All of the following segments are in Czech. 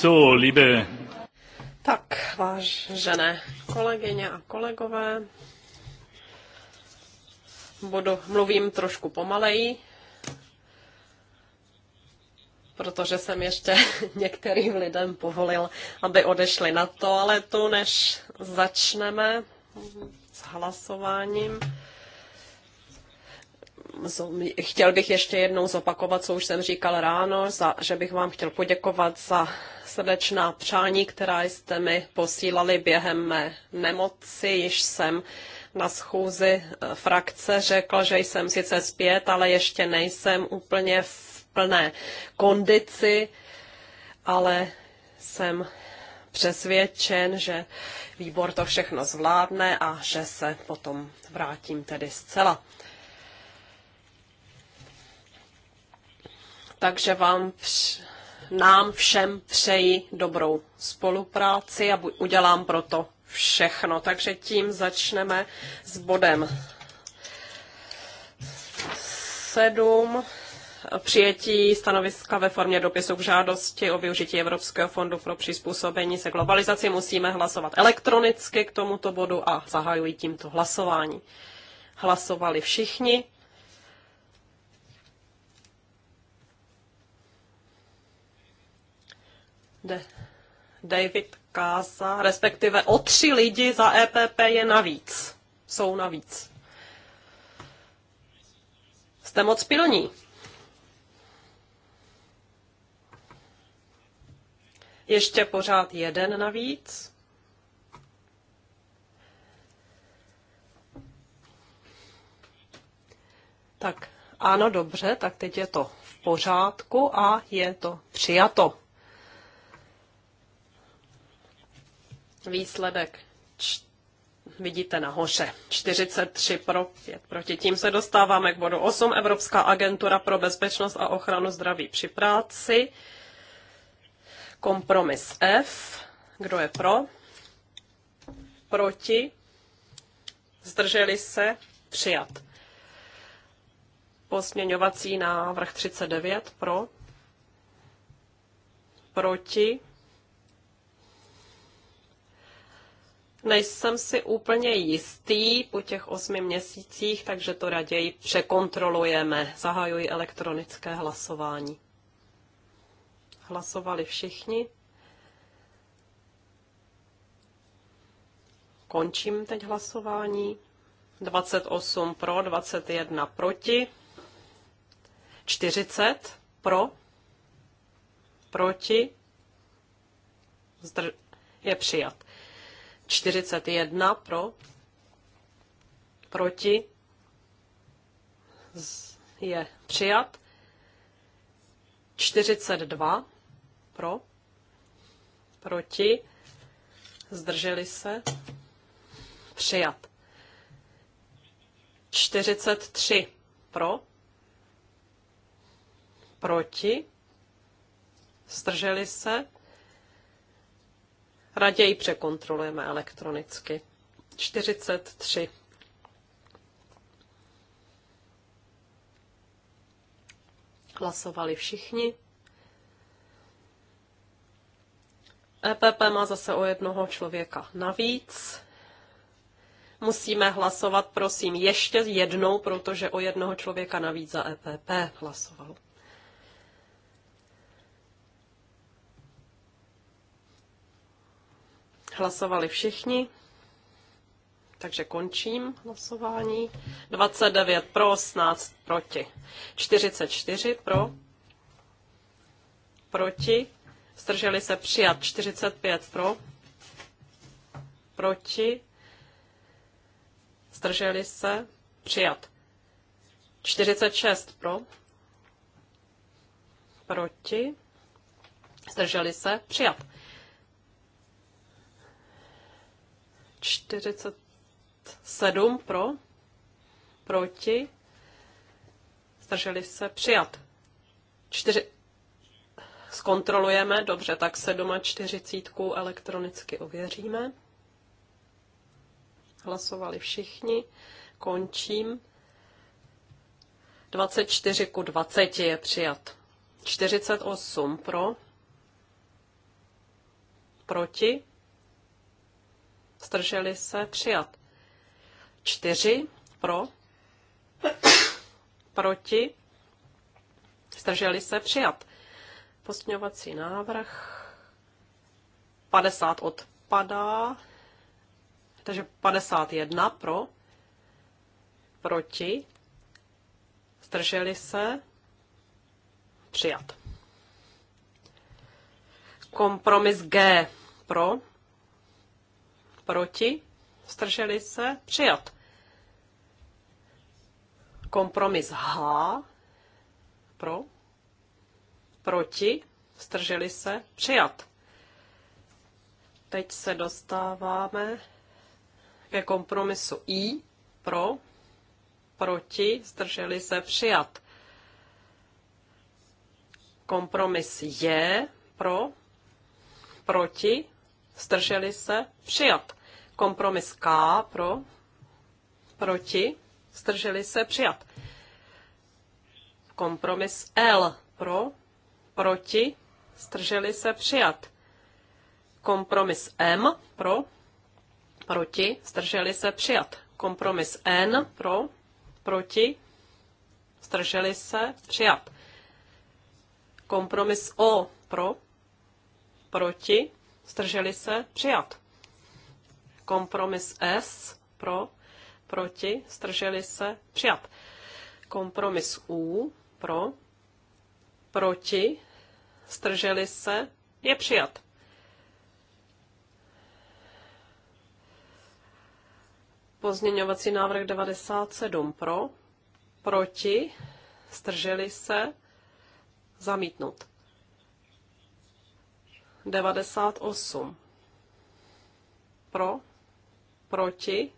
So, liebe... Tak, vážené kolegyně a kolegové, budu, mluvím trošku pomaleji, protože jsem ještě některým lidem povolil, aby odešli na to, ale tu než začneme s hlasováním, chtěl bych ještě jednou zopakovat, co už jsem říkal ráno, za, že bych vám chtěl poděkovat za srdečná přání, která jste mi posílali během mé nemoci. Již jsem na schůzi eh, frakce řekl, že jsem sice zpět, ale ještě nejsem úplně v plné kondici, ale jsem přesvědčen, že výbor to všechno zvládne a že se potom vrátím tedy zcela. Takže vám nám všem přeji dobrou spolupráci a udělám proto všechno. Takže tím začneme s bodem 7. Přijetí stanoviska ve formě dopisu k žádosti o využití Evropského fondu pro přizpůsobení se globalizaci musíme hlasovat elektronicky k tomuto bodu a zahajuji tímto hlasování. Hlasovali všichni. De, David Káza, respektive o tři lidi za EPP je navíc. Jsou navíc. Jste moc pilní. Ještě pořád jeden navíc. Tak ano, dobře, tak teď je to v pořádku a je to přijato. Výsledek vidíte nahoře. 43 pro 5 proti. Tím se dostáváme k bodu 8. Evropská agentura pro bezpečnost a ochranu zdraví při práci. Kompromis F. Kdo je pro? Proti? Zdrželi se? Přijat. Posměňovací návrh 39 pro? Proti? Nejsem si úplně jistý po těch osmi měsících, takže to raději překontrolujeme. Zahajuji elektronické hlasování. Hlasovali všichni. Končím teď hlasování. 28 pro, 21 proti, 40 pro, proti, zdr- je přijat. 41 pro, proti, je přijat. 42 pro, proti, zdrželi se, přijat. 43 pro, proti, zdrželi se, Raději překontrolujeme elektronicky. 43. Hlasovali všichni. EPP má zase o jednoho člověka navíc. Musíme hlasovat, prosím, ještě jednou, protože o jednoho člověka navíc za EPP hlasoval. Hlasovali všichni. Takže končím hlasování. 29 pro, 18 proti. 44 pro, proti. Strželi se přijat 45 pro, proti. Strželi se přijat 46 pro, proti. Strželi se přijat 47 pro, proti, zdrželi se přijat. 4, zkontrolujeme, dobře, tak 47 elektronicky ověříme. Hlasovali všichni, končím. 24 ku 20 je přijat. 48 pro, proti, zdrželi se, přijat. Čtyři pro, proti, zdrželi se, přijat. Postňovací návrh 50 odpadá, takže 51 pro, proti, zdrželi se, přijat. Kompromis G pro, proti, zdrželi se, přijat. Kompromis H, pro, proti, zdrželi se, přijat. Teď se dostáváme ke kompromisu I, pro, proti, zdrželi se, přijat. Kompromis J pro, proti, Zdrželi se? Přijat. Kompromis K pro? Proti? Zdrželi se? Přijat. Kompromis L pro? Proti? Zdrželi se? Přijat. Kompromis M pro? Proti? Zdrželi se? Přijat. Kompromis N pro? Proti? Zdrželi se? Přijat. Kompromis O pro? Proti? Zdrželi se? Přijat. Kompromis S pro, proti, zdrželi se? Přijat. Kompromis U pro, proti, zdrželi se? Je přijat. Pozměňovací návrh 97 pro, proti, zdrželi se, zamítnout 98. Pro, proti,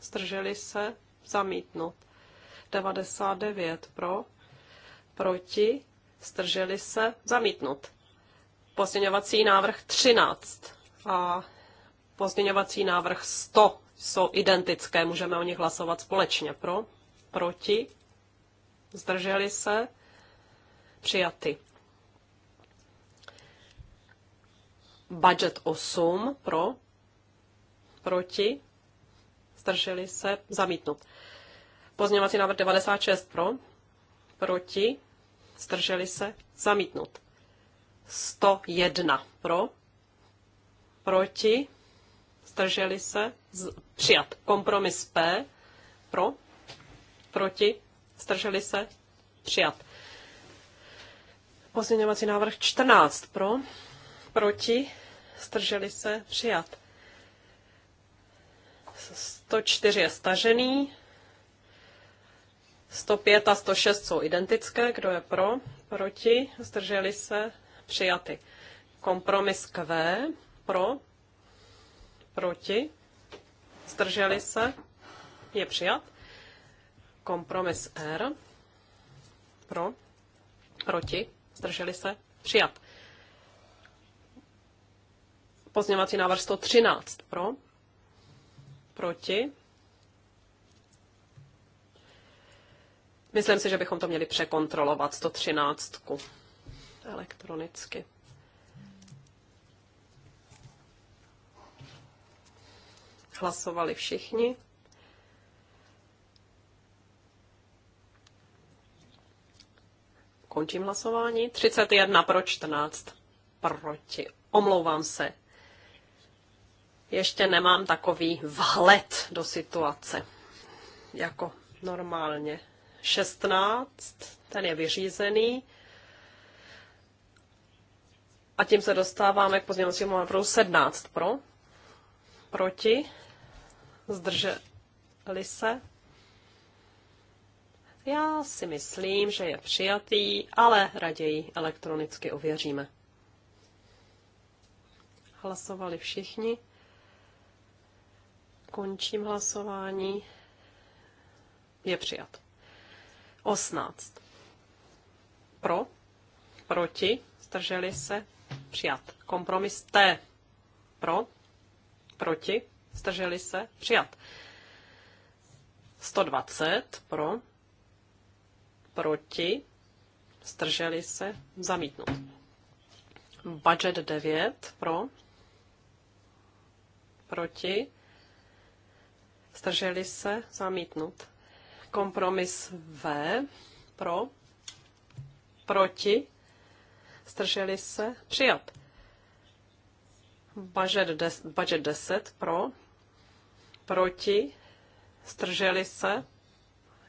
zdrželi se, zamítnut. 99 pro, proti, zdrželi se, zamítnut. Pozměňovací návrh 13 a pozměňovací návrh 100 jsou identické, můžeme o nich hlasovat společně. Pro, proti, zdrželi se, přijaty. Budget 8 pro, proti, zdrželi se, zamítnut. Pozměňovací návrh 96 pro, proti, zdrželi se, zamítnut. 101 pro, proti, zdrželi se, z, přijat. Kompromis P pro, proti, zdrželi se, přijat. Pozměňovací návrh 14 pro, proti, strželi se, přijat. 104 je stažený, 105 a 106 jsou identické, kdo je pro, proti, zdrželi se, přijaty. Kompromis Q, pro, proti, zdrželi se, je přijat. Kompromis R, pro, proti, zdrželi se, přijat. Pozněvací návrh 113 pro, proti. Myslím si, že bychom to měli překontrolovat 113 elektronicky. Hlasovali všichni. Končím hlasování. 31 pro 14 proti. Omlouvám se ještě nemám takový vhled do situace jako normálně. 16, ten je vyřízený. A tím se dostáváme k pozměňovacímu návrhu 17 pro, proti, zdrželi se. Já si myslím, že je přijatý, ale raději elektronicky ověříme. Hlasovali všichni. Končím hlasování. Je přijat. 18. Pro, proti, zdrželi se, přijat. Kompromis T. Pro, proti, zdrželi se, přijat. 120 pro, proti, zdrželi se, zamítnut. Budget 9 pro, proti, Zdrželi se? Zamítnut. Kompromis V. Pro. Proti. Zdrželi se? Přijat. Budget, des, budget 10. Pro. Proti. Zdrželi se?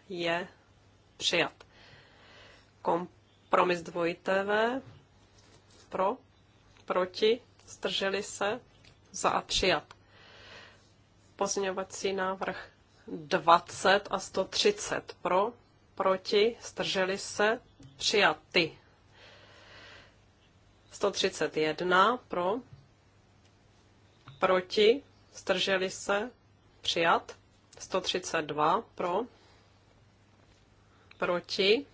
Je přijat. Kompromis dvojité V. Pro. Proti. Zdrželi se? Za a přijat Pozměňovací návrh 20 a 130 pro, proti, strželi se, přijaty. 131 pro, proti, strželi se, přijat. 132 pro, proti,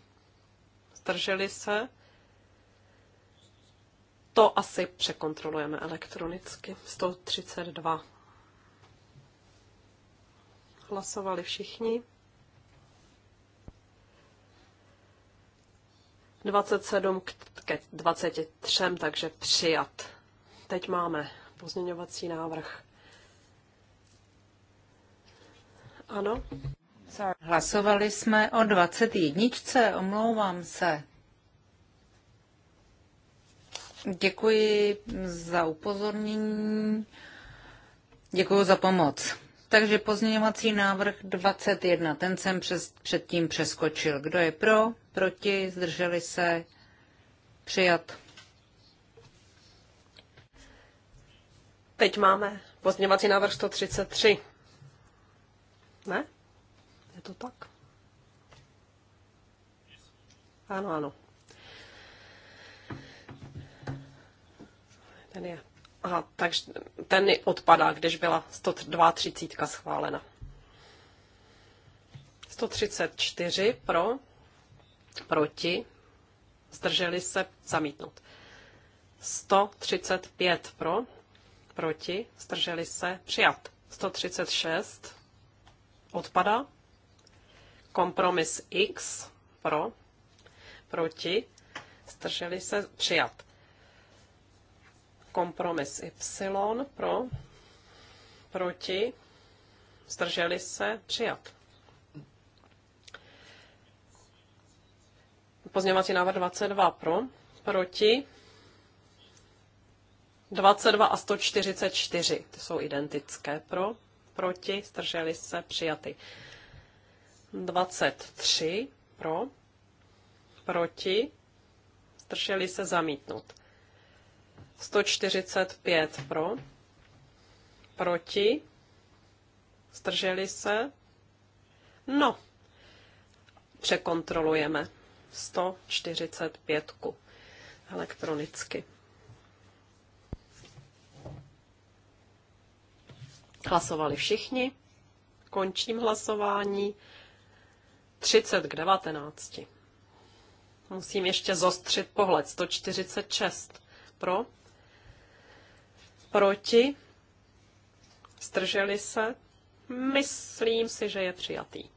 strželi se. To asi překontrolujeme elektronicky. 132 Hlasovali všichni. 27 ke 23, takže přijat. Teď máme pozměňovací návrh. Ano? Hlasovali jsme o 21, omlouvám se. Děkuji za upozornění. Děkuji za pomoc. Takže pozměňovací návrh 21, ten jsem přes, předtím přeskočil. Kdo je pro, proti, zdrželi se, přijat. Teď máme pozměňovací návrh 133. Ne? Je to tak? Ano, ano. Ten je Aha, takže ten odpadá, když byla 132 schválena. 134 pro, proti, zdrželi se zamítnout. 135 pro, proti, zdrželi se přijat. 136 odpada. Kompromis X pro, proti, zdrželi se přijat. Kompromis Y pro, proti, zdrželi se, přijat. Pozměňovací návrh 22 pro, proti, 22 a 144, ty jsou identické pro, proti, zdrželi se, přijaty. 23 pro, proti, zdrželi se zamítnout. 145 pro, proti, zdrželi se. No, překontrolujeme 145 elektronicky. Hlasovali všichni. Končím hlasování. 30 k 19. Musím ještě zostřit pohled. 146 pro, proti, strželi se, myslím si, že je přijatý.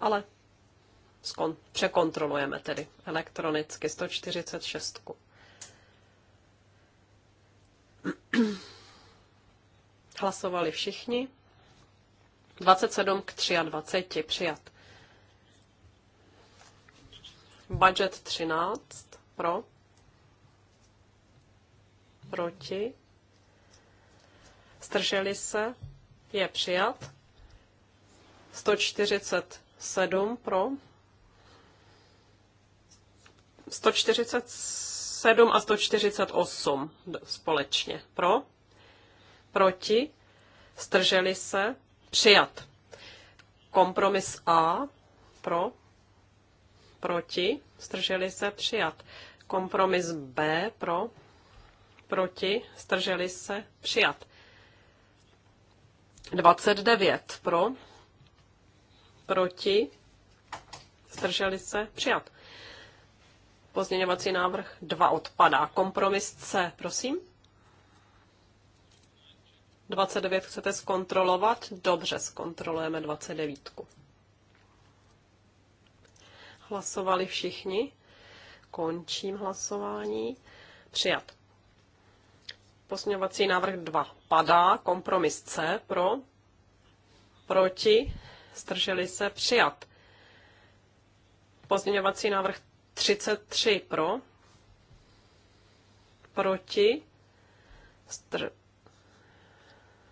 Ale skon- překontrolujeme tedy elektronicky 146. Hlasovali všichni. 27 k 23 přijat. Budget 13 pro. Proti. Zdrželi se? Je přijat. 147 pro. 147 a 148 společně pro. Proti? Zdrželi se? Přijat. Kompromis A pro. Proti? Zdrželi se? Přijat. Kompromis B pro. Proti? Zdrželi se? Přijat 29 pro, proti, zdrželi se, přijat. Pozměňovací návrh 2 odpadá. Kompromis C, prosím. 29 chcete zkontrolovat? Dobře, zkontrolujeme 29. Hlasovali všichni. Končím hlasování. Přijat. Posměvací návrh 2 padá, kompromis C pro, proti, Strželi se přijat. Pozměňovací návrh 33 pro, proti, str...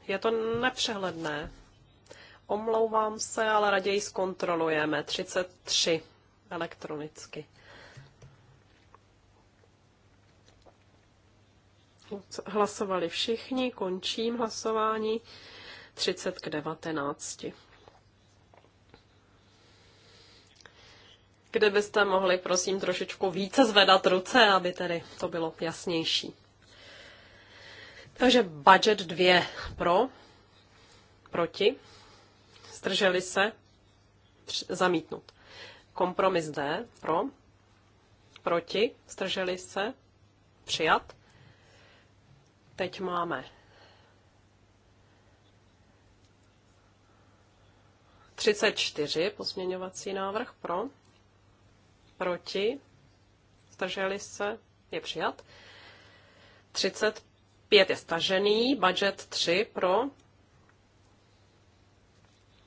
je to nepřehledné. Omlouvám se, ale raději zkontrolujeme. 33 elektronicky. Hlasovali všichni, končím hlasování 30 k 19. Kde byste mohli, prosím, trošičku více zvedat ruce, aby tedy to bylo jasnější. Takže budget 2 pro, proti, zdrželi se, zamítnut. Kompromis D pro, proti, zdrželi se, přijat. Teď máme 34 pozměňovací návrh pro, proti, zdrželi se, je přijat. 35 je stažený, budget tři pro,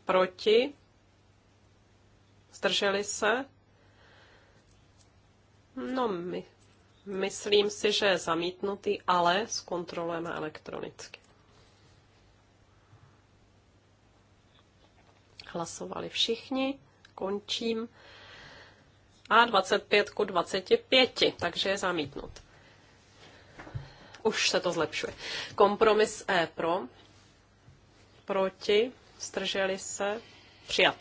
proti, zdrželi se. No, my Myslím si, že je zamítnutý, ale zkontrolujeme elektronicky. Hlasovali všichni, končím. A 25 ku 25, takže je zamítnut. Už se to zlepšuje. Kompromis E pro, proti, strželi se, přijat.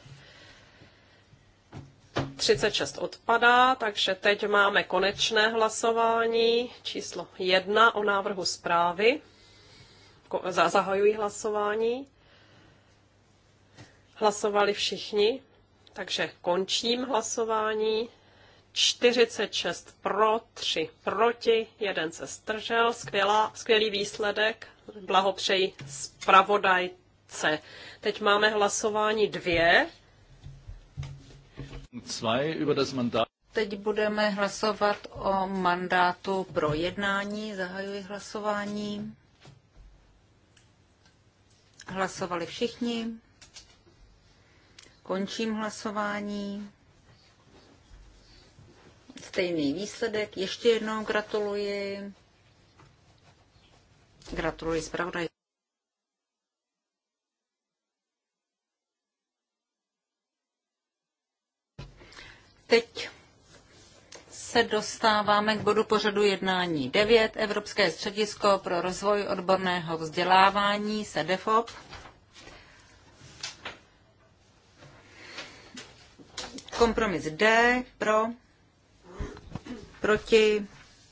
36 odpadá, takže teď máme konečné hlasování číslo 1 o návrhu zprávy. Zahajuji hlasování. Hlasovali všichni, takže končím hlasování. 46 pro, 3 proti, jeden se stržel. Skvělá, skvělý výsledek. Blahopřeji zpravodajce. Teď máme hlasování dvě Teď budeme hlasovat o mandátu pro jednání. Zahajuji hlasování. Hlasovali všichni. Končím hlasování. Stejný výsledek. Ještě jednou gratuluji. Gratuluji zpravodaj. Teď se dostáváme k bodu pořadu jednání 9. Evropské středisko pro rozvoj odborného vzdělávání, SEDEFOP. Kompromis D pro, proti,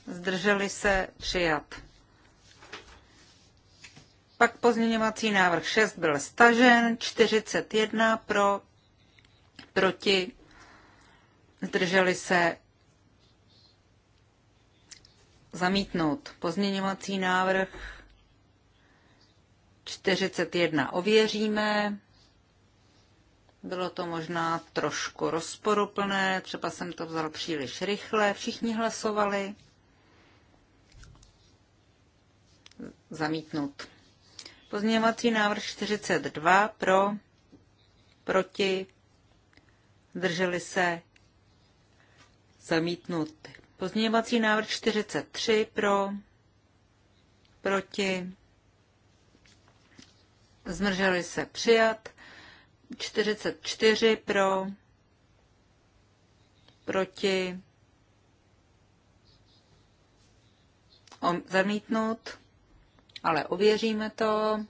zdrželi se, přijat. Pak pozměňovací návrh 6 byl stažen, 41 pro, proti, zdrželi se zamítnout pozměňovací návrh 41 ověříme. Bylo to možná trošku rozporuplné, třeba jsem to vzal příliš rychle, všichni hlasovali. Zamítnut. Pozměňovací návrh 42 pro, proti, drželi se Zamítnut. Pozměňovací návrh 43 pro, proti, Zmrželi se přijat. 44 pro, proti, zamítnout, ale ověříme to.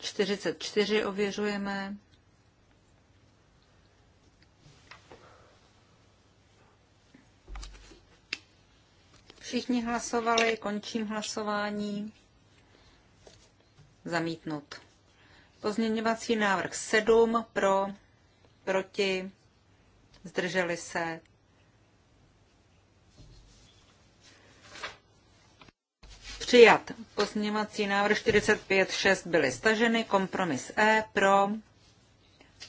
44 ověřujeme. Všichni hlasovali, končím hlasování. Zamítnut. Pozměňovací návrh 7 pro, proti, zdrželi se. Přijat. Pozměňovací návrh 45, 6 byly staženy. Kompromis E pro,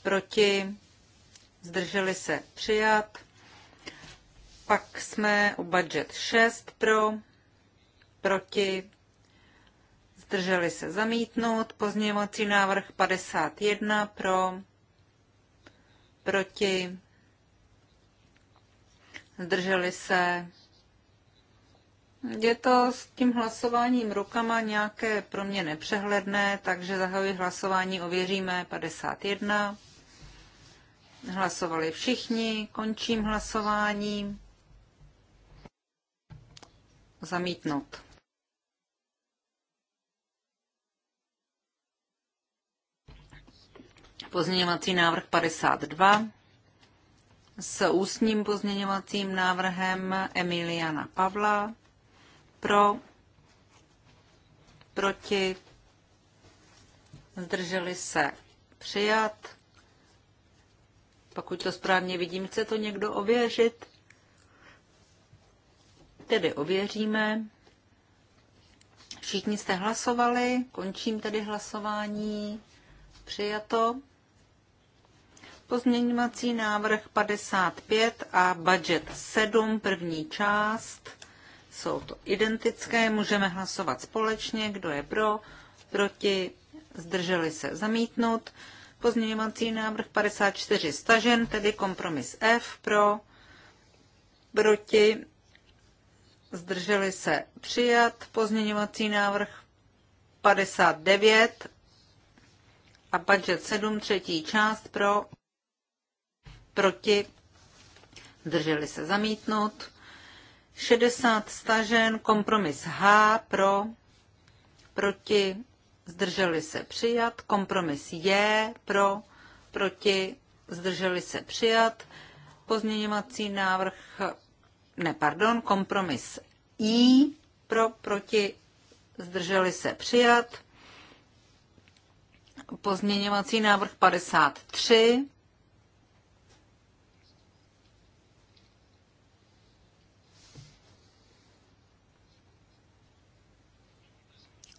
proti, zdrželi se. Přijat. Pak jsme u budget 6 pro, proti, zdrželi se zamítnout. Pozměňovací návrh 51 pro, proti, zdrželi se. Je to s tím hlasováním rukama nějaké pro mě nepřehledné, takže zahajuji hlasování, ověříme 51. Hlasovali všichni, končím hlasování zamítnout. Pozměňovací návrh 52 s ústním pozměňovacím návrhem Emiliana Pavla pro, proti, zdrželi se přijat. Pokud to správně vidím, chce to někdo ověřit? tedy ověříme. Všichni jste hlasovali, končím tedy hlasování. Přijato. Pozměňovací návrh 55 a budget 7, první část. Jsou to identické, můžeme hlasovat společně, kdo je pro, proti, zdrželi se zamítnout. Pozměňovací návrh 54 stažen, tedy kompromis F pro, proti, zdrželi se přijat. Pozměňovací návrh 59 a budget 7, třetí část pro, proti, zdrželi se zamítnout. 60 stažen, kompromis H pro, proti, zdrželi se přijat, kompromis J pro, proti, zdrželi se přijat, pozměňovací návrh ne, pardon, kompromis I pro, proti, zdrželi se přijat. Pozměňovací návrh 53.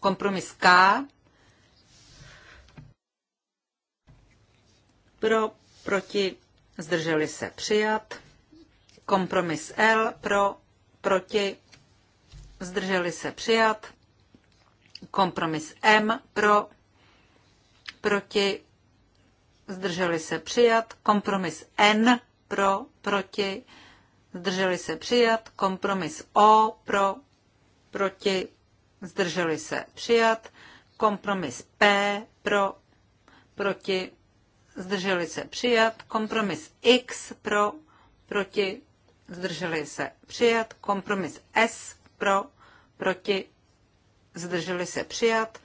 Kompromis K. Pro, proti, zdrželi se přijat. Kompromis L pro, proti, zdrželi se přijat. Kompromis M pro, proti, zdrželi se přijat. Kompromis N pro, proti, zdrželi se přijat. Kompromis O pro, proti, zdrželi se přijat. Kompromis P pro, proti, zdrželi se přijat. Kompromis X pro, proti, zdrželi se přijat, kompromis S pro, proti, zdrželi se přijat.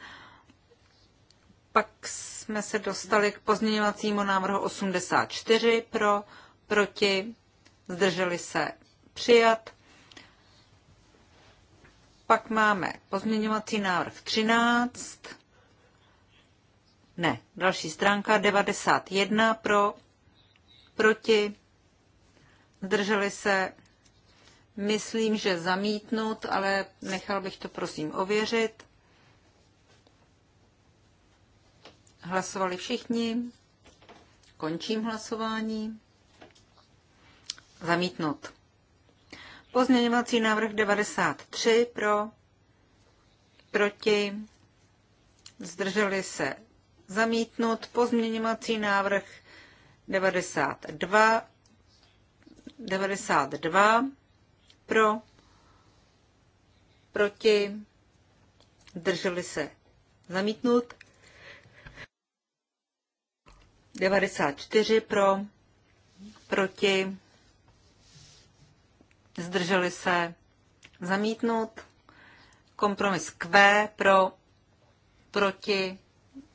Pak jsme se dostali k pozměňovacímu návrhu 84 pro, proti, zdrželi se přijat. Pak máme pozměňovací návrh 13, ne, další stránka 91 pro, proti, Zdrželi se, myslím, že zamítnut, ale nechal bych to prosím ověřit. Hlasovali všichni. Končím hlasování. Zamítnut. Pozměňovací návrh 93 pro, proti, zdrželi se zamítnut. Pozměňovací návrh 92 92 pro, proti, drželi se zamítnut, 94 pro, proti, zdrželi se zamítnut, kompromis Q pro, proti,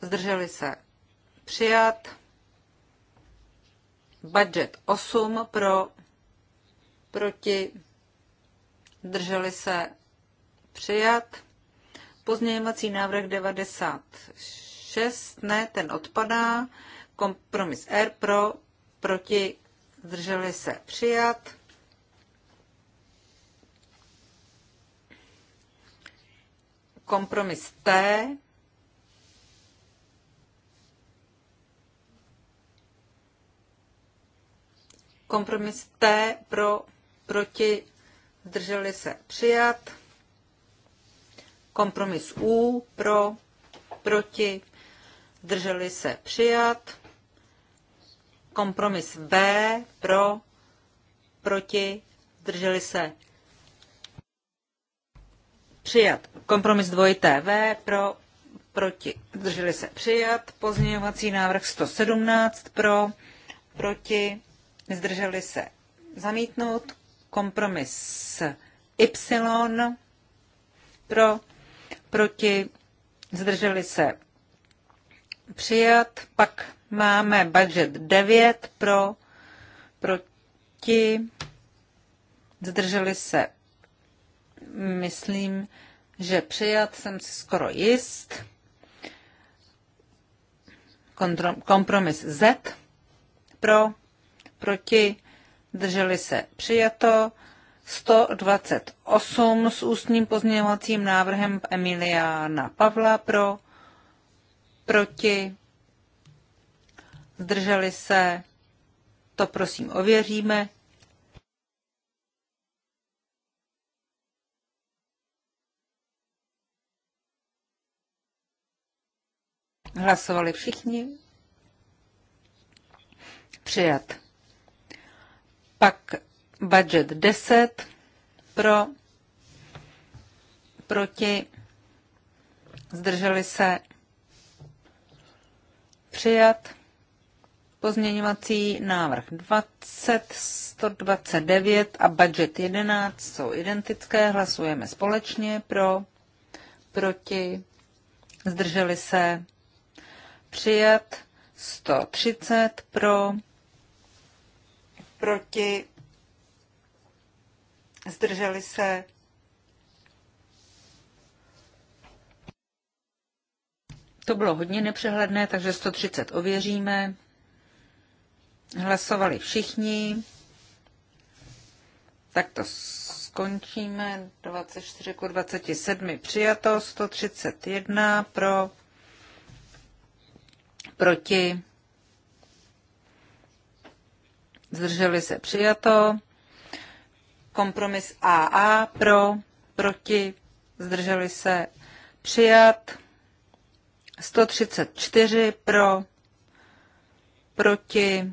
zdrželi se přijat, budget 8 pro, proti, zdrželi se přijat. Pozměňovací návrh 96, ne, ten odpadá. Kompromis R pro, proti, zdrželi se přijat. Kompromis T kompromis T pro proti, zdrželi se přijat. Kompromis U pro, proti, zdrželi se přijat. Kompromis B pro, proti, zdrželi se přijat. Kompromis dvojité V pro, proti, zdrželi se přijat. Pozměňovací návrh 117 pro, proti, zdrželi se zamítnout. Kompromis Y pro, proti, zdrželi se přijat. Pak máme budget 9 pro, proti, zdrželi se, myslím, že přijat, jsem si skoro jist. kompromis Z pro, proti, Drželi se přijato. 128 s ústním pozměňovacím návrhem Emiliána Pavla pro, proti, zdrželi se, to prosím ověříme. Hlasovali všichni. Přijat. Pak budget 10 pro, proti, zdrželi se, přijat. Pozměňovací návrh 20, 129 a budget 11 jsou identické, hlasujeme společně pro, proti, zdrželi se, přijat, 130 pro, proti, zdrželi se. To bylo hodně nepřehledné, takže 130 ověříme. Hlasovali všichni. Tak to skončíme. 24 k 27 přijato, 131 pro, proti, zdrželi se přijato. Kompromis AA pro, proti, zdrželi se přijat. 134 pro, proti,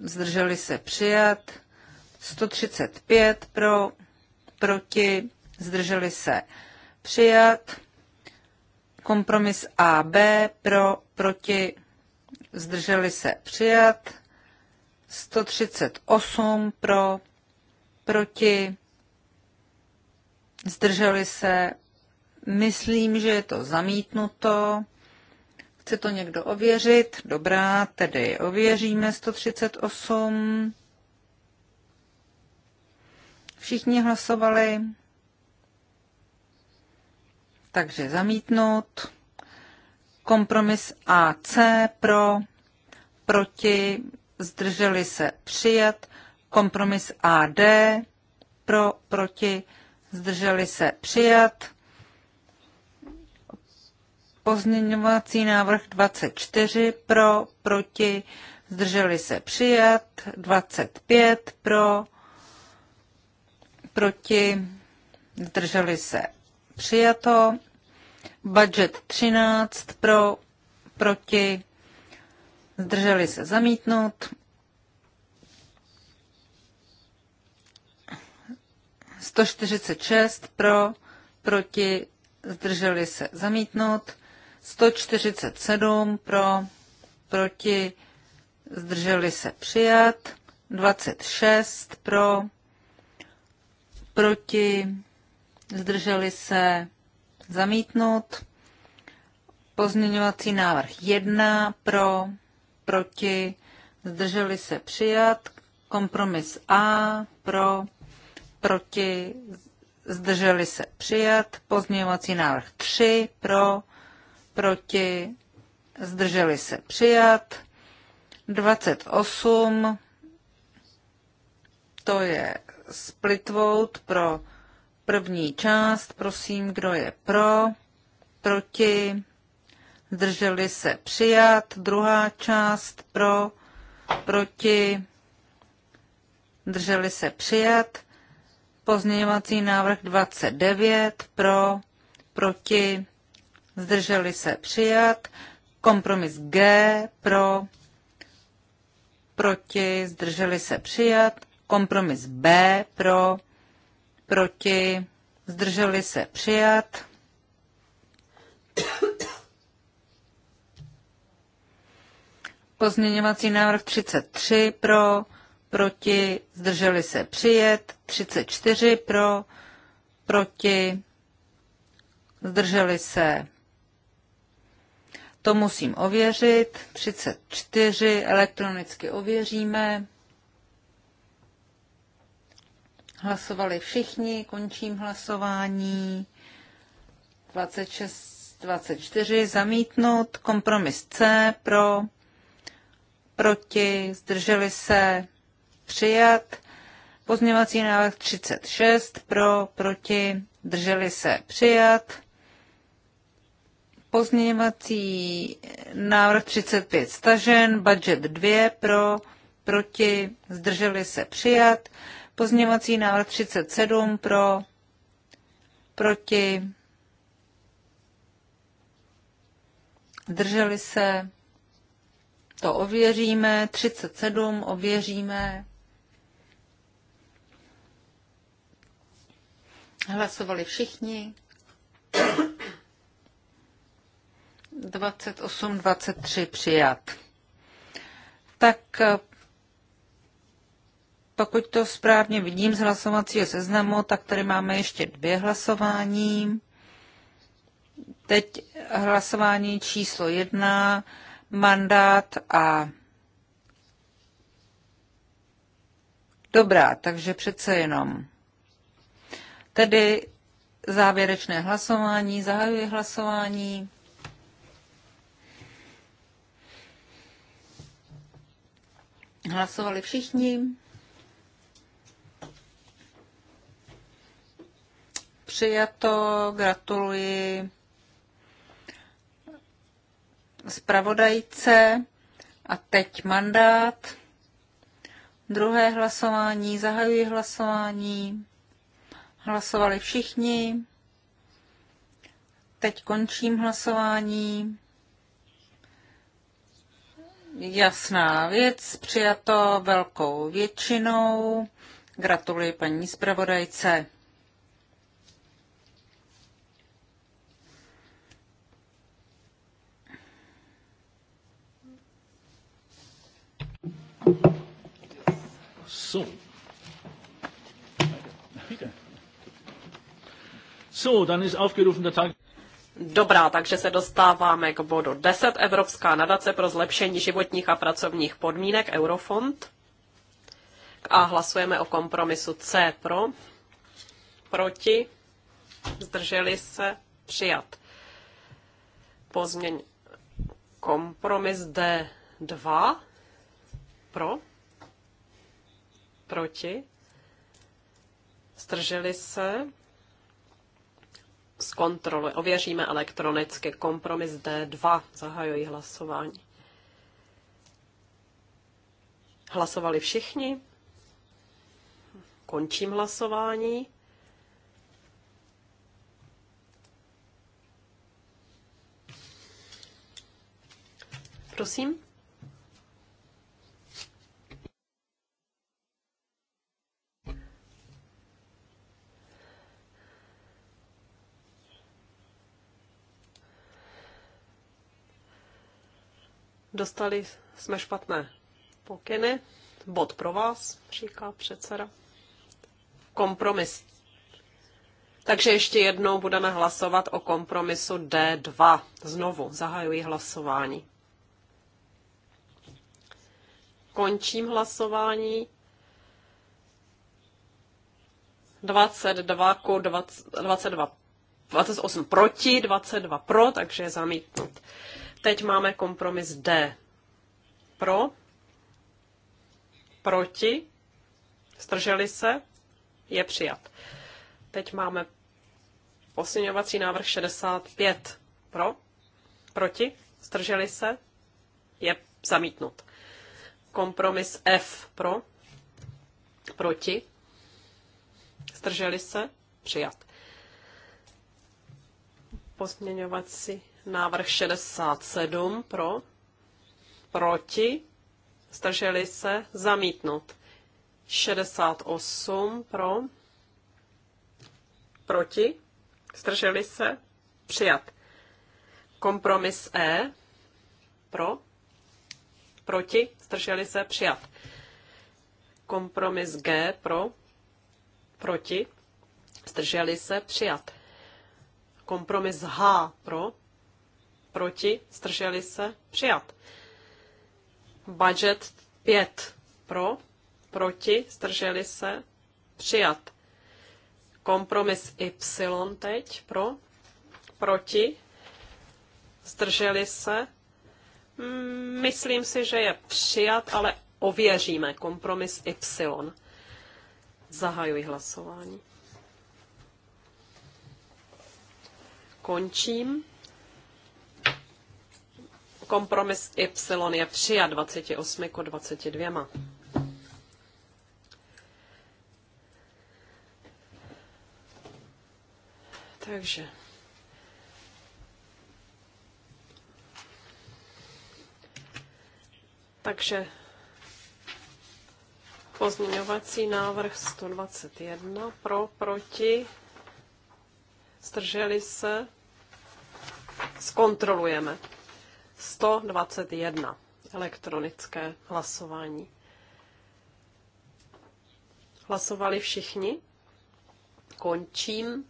zdrželi se přijat. 135 pro, proti, zdrželi se přijat. Kompromis AB pro, proti, zdrželi se přijat. 138 pro, proti, zdrželi se, myslím, že je to zamítnuto. Chce to někdo ověřit? Dobrá, tedy ověříme 138. Všichni hlasovali. Takže zamítnout. Kompromis AC pro, proti, zdrželi se přijat, kompromis AD, pro, proti, zdrželi se přijat, pozměňovací návrh 24 pro, proti, zdrželi se přijat, 25 pro, proti, zdrželi se přijato, budget 13 pro, proti, zdrželi se zamítnout. šest pro, proti, zdrželi se zamítnout. 147 pro, proti, zdrželi se přijat. 26 pro, proti, zdrželi se zamítnout. Pozměňovací návrh jedna pro, proti, zdrželi se přijat, kompromis A, pro, proti, zdrželi se přijat, pozměňovací návrh 3, pro, proti, zdrželi se přijat, 28, to je split vote pro první část, prosím, kdo je pro, proti, zdrželi se přijat, druhá část pro, proti, zdrželi se přijat, pozměňovací návrh 29 pro, proti, zdrželi se přijat, kompromis G pro, proti, zdrželi se přijat, kompromis B pro, proti, zdrželi se přijat, Pozměňovací návrh 33 pro, proti, zdrželi se přijet, 34 pro, proti, zdrželi se. To musím ověřit, 34 elektronicky ověříme. Hlasovali všichni, končím hlasování. 26, 24 zamítnout, kompromis C pro proti, zdrželi se, přijat. Pozměvací návrh 36, pro, proti, zdrželi se, přijat. Pozměňovací návrh 35 stažen, budget 2 pro, proti, zdrželi se přijat. Pozměňovací návrh 37 pro, proti, zdrželi se to ověříme, 37 ověříme. Hlasovali všichni. 28, 23 přijat. Tak pokud to správně vidím z hlasovacího seznamu, tak tady máme ještě dvě hlasování. Teď hlasování číslo jedna mandát a Dobrá, takže přece jenom. Tedy závěrečné hlasování, zahajuji hlasování. Hlasovali všichni. Přijato, gratuluji zpravodajce a teď mandát. Druhé hlasování, zahajuji hlasování. Hlasovali všichni. Teď končím hlasování. Jasná věc, přijato velkou většinou. Gratuluji paní zpravodajce. So. So, dann ist aufgerufen der Tag. Dobrá, takže se dostáváme k bodu 10. Evropská nadace pro zlepšení životních a pracovních podmínek Eurofond. A hlasujeme o kompromisu C pro, proti, zdrželi se, přijat. Pozměň kompromis D2 pro, proti, zdrželi se, zkontroluji, ověříme elektronicky, kompromis D2, Zahajují hlasování. Hlasovali všichni, končím hlasování. Prosím. Dostali jsme špatné pokyny. Bod pro vás, říká předseda. Kompromis. Takže ještě jednou budeme hlasovat o kompromisu D2. Znovu zahajuji hlasování. Končím hlasování. 22 ku 20, 22, 28 proti, 22 pro, takže je zamítnut. Teď máme kompromis D. Pro, proti, strželi se, je přijat. Teď máme posilňovací návrh 65. Pro, proti, strželi se, je zamítnut. Kompromis F pro, proti, strželi se, přijat. Pozměňovací Návrh 67 pro, proti, zdrželi se, zamítnut. 68 pro, proti, zdrželi se, přijat. Kompromis E pro, proti, zdrželi se, přijat. Kompromis G pro, proti, zdrželi se, přijat. Kompromis H pro, proti, zdrželi se, přijat. Budget 5 pro, proti, zdrželi se, přijat. Kompromis Y teď pro, proti, zdrželi se. Mm, myslím si, že je přijat, ale ověříme. Kompromis Y. Zahajuji hlasování. Končím. Kompromis Y je přijat 28 k 22. Takže. Takže pozměňovací návrh 121 pro, proti, zdrželi se, zkontrolujeme. 121 elektronické hlasování. Hlasovali všichni? Končím.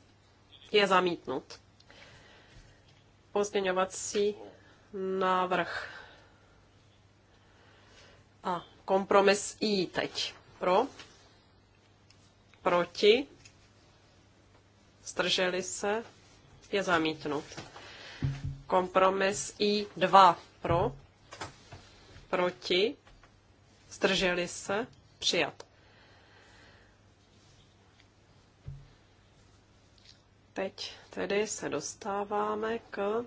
Je zamítnut. Pozměňovací návrh. A kompromis I teď. Pro? Proti? Zdrželi se? Je zamítnut. Kompromis I2 pro, proti, zdrželi se, přijat. Teď tedy se dostáváme k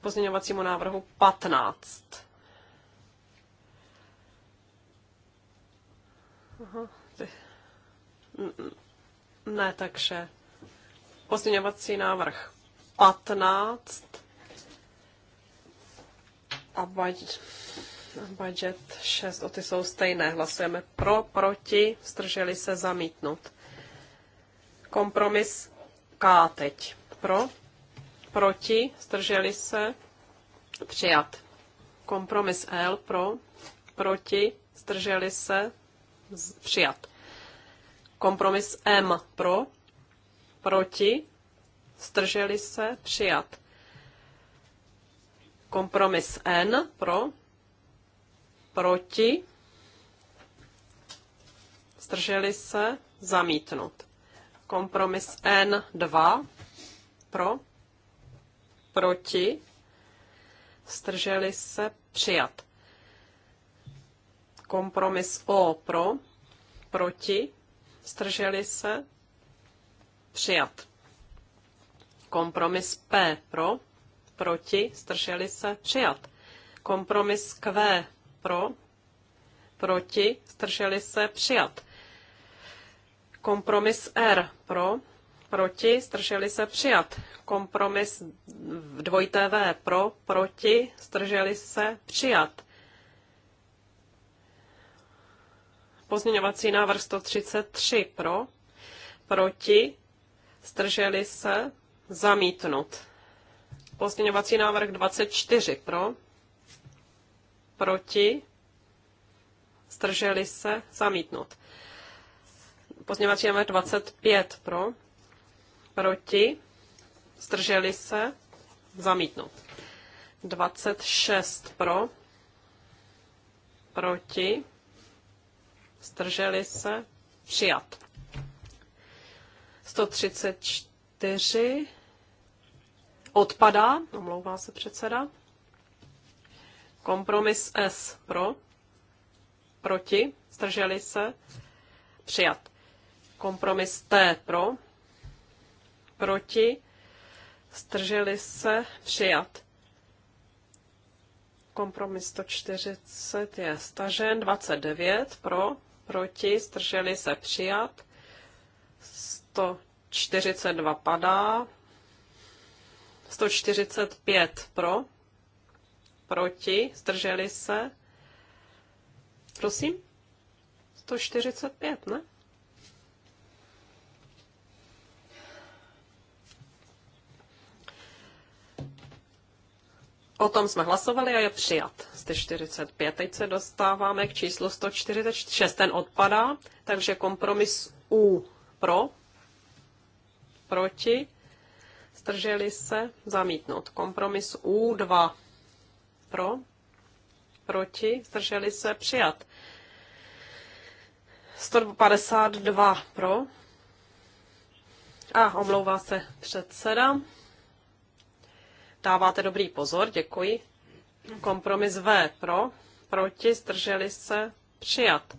pozměňovacímu návrhu 15. Aha, ty. Ne, takže pozměňovací návrh 15 a budget, 6, o ty jsou stejné. Hlasujeme pro, proti, strželi se zamítnout. Kompromis K teď. Pro, proti, strželi se přijat. Kompromis L pro, proti, strželi se přijat. Kompromis M pro, proti, zdrželi se, přijat. Kompromis N pro, proti, zdrželi se, zamítnut. Kompromis N2 pro, proti, zdrželi se, přijat. Kompromis O pro, proti, zdrželi se, přijat. Kompromis P pro, proti, zdrželi se, přijat. Kompromis Q pro, proti, zdrželi se, přijat. Kompromis R pro, proti, zdrželi se, přijat. Kompromis dvojité V pro, proti, zdrželi se, přijat. Pozměňovací návrh 133 pro, proti, strželi se, Zamítnut. Pozměňovací návrh 24 pro. Proti. Strželi se. Zamítnut. Pozměňovací návrh 25 pro. Proti. Strželi se. Zamítnut. 26 pro. Proti. Strželi se. Přijat. 134 Odpadá, omlouvá se předseda. Kompromis S pro, proti, strželi se, přijat. Kompromis T pro, proti, strželi se, přijat. Kompromis 140 je stažen, 29 pro, proti, strželi se, přijat. 142 padá, 145 pro, proti, zdrželi se. Prosím? 145, ne? O tom jsme hlasovali a je přijat. 145. Teď se dostáváme k číslu 146. Ten odpadá, takže kompromis U pro, proti, Zdrželi se? Zamítnout. Kompromis U2. Pro? Proti? Zdrželi se? Přijat. 152 pro. A omlouvá se předseda. Dáváte dobrý pozor, děkuji. Kompromis V pro, proti, zdrželi se, přijat.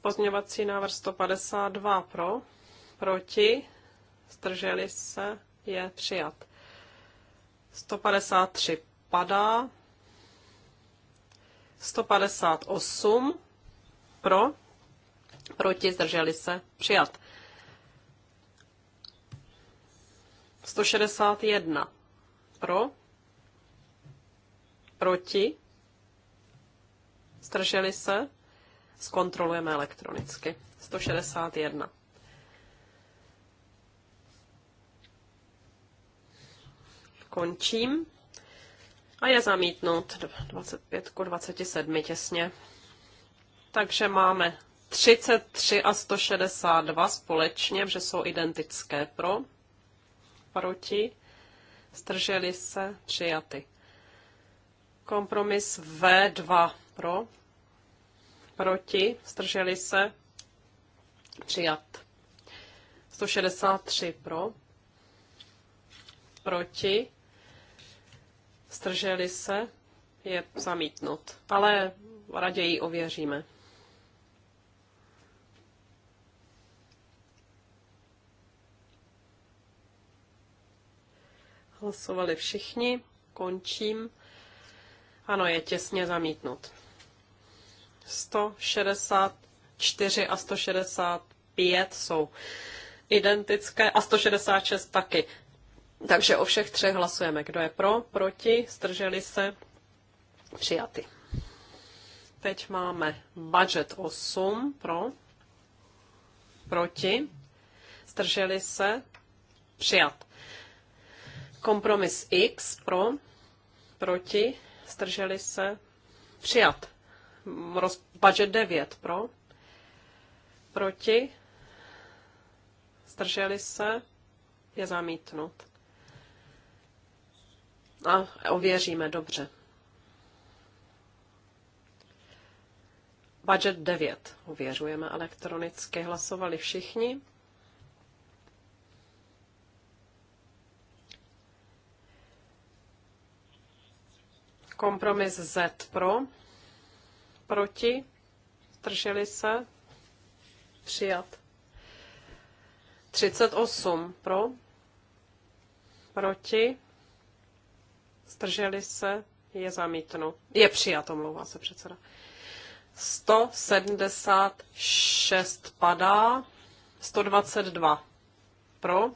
Pozměňovací návrh 152 pro, proti, zdrželi se, je přijat. 153 padá. 158 pro, proti, zdrželi se, přijat. 161 pro, proti, zdrželi se, zkontrolujeme elektronicky. 161. končím. A je zamítnut 25 ku 27 těsně. Takže máme 33 a 162 společně, že jsou identické pro, proti, strželi se, přijaty. Kompromis V2 pro, proti, strželi se, přijat. 163 pro, proti, Zdrželi se? Je zamítnut. Ale raději ověříme. Hlasovali všichni. Končím. Ano, je těsně zamítnut. 164 a 165 jsou identické a 166 taky. Takže o všech třech hlasujeme. Kdo je pro, proti, strželi se, přijaty. Teď máme budget 8 pro, proti, strželi se, přijat. Kompromis X pro, proti, strželi se, přijat. Roz, budget 9 pro, proti, strželi se, je zamítnut. A ověříme, dobře. Budget 9. Ověřujeme elektronicky. Hlasovali všichni. Kompromis Z pro. Proti. Zdrželi se. Přijat. 38 pro. Proti. Zdrželi se? Je zamítno. Je přijat, omlouvá se předseda. 176 padá. 122 pro.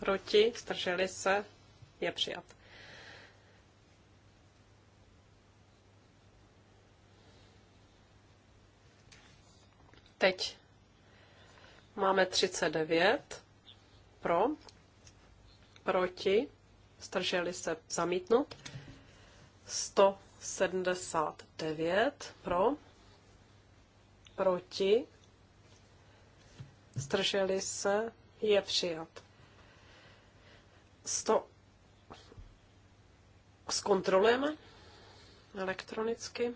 Proti. Zdrželi se? Je přijat. Teď máme 39 pro, proti, strželi se zamítnout. 179 pro, proti, strželi se, je přijat. 100 zkontrolujeme elektronicky.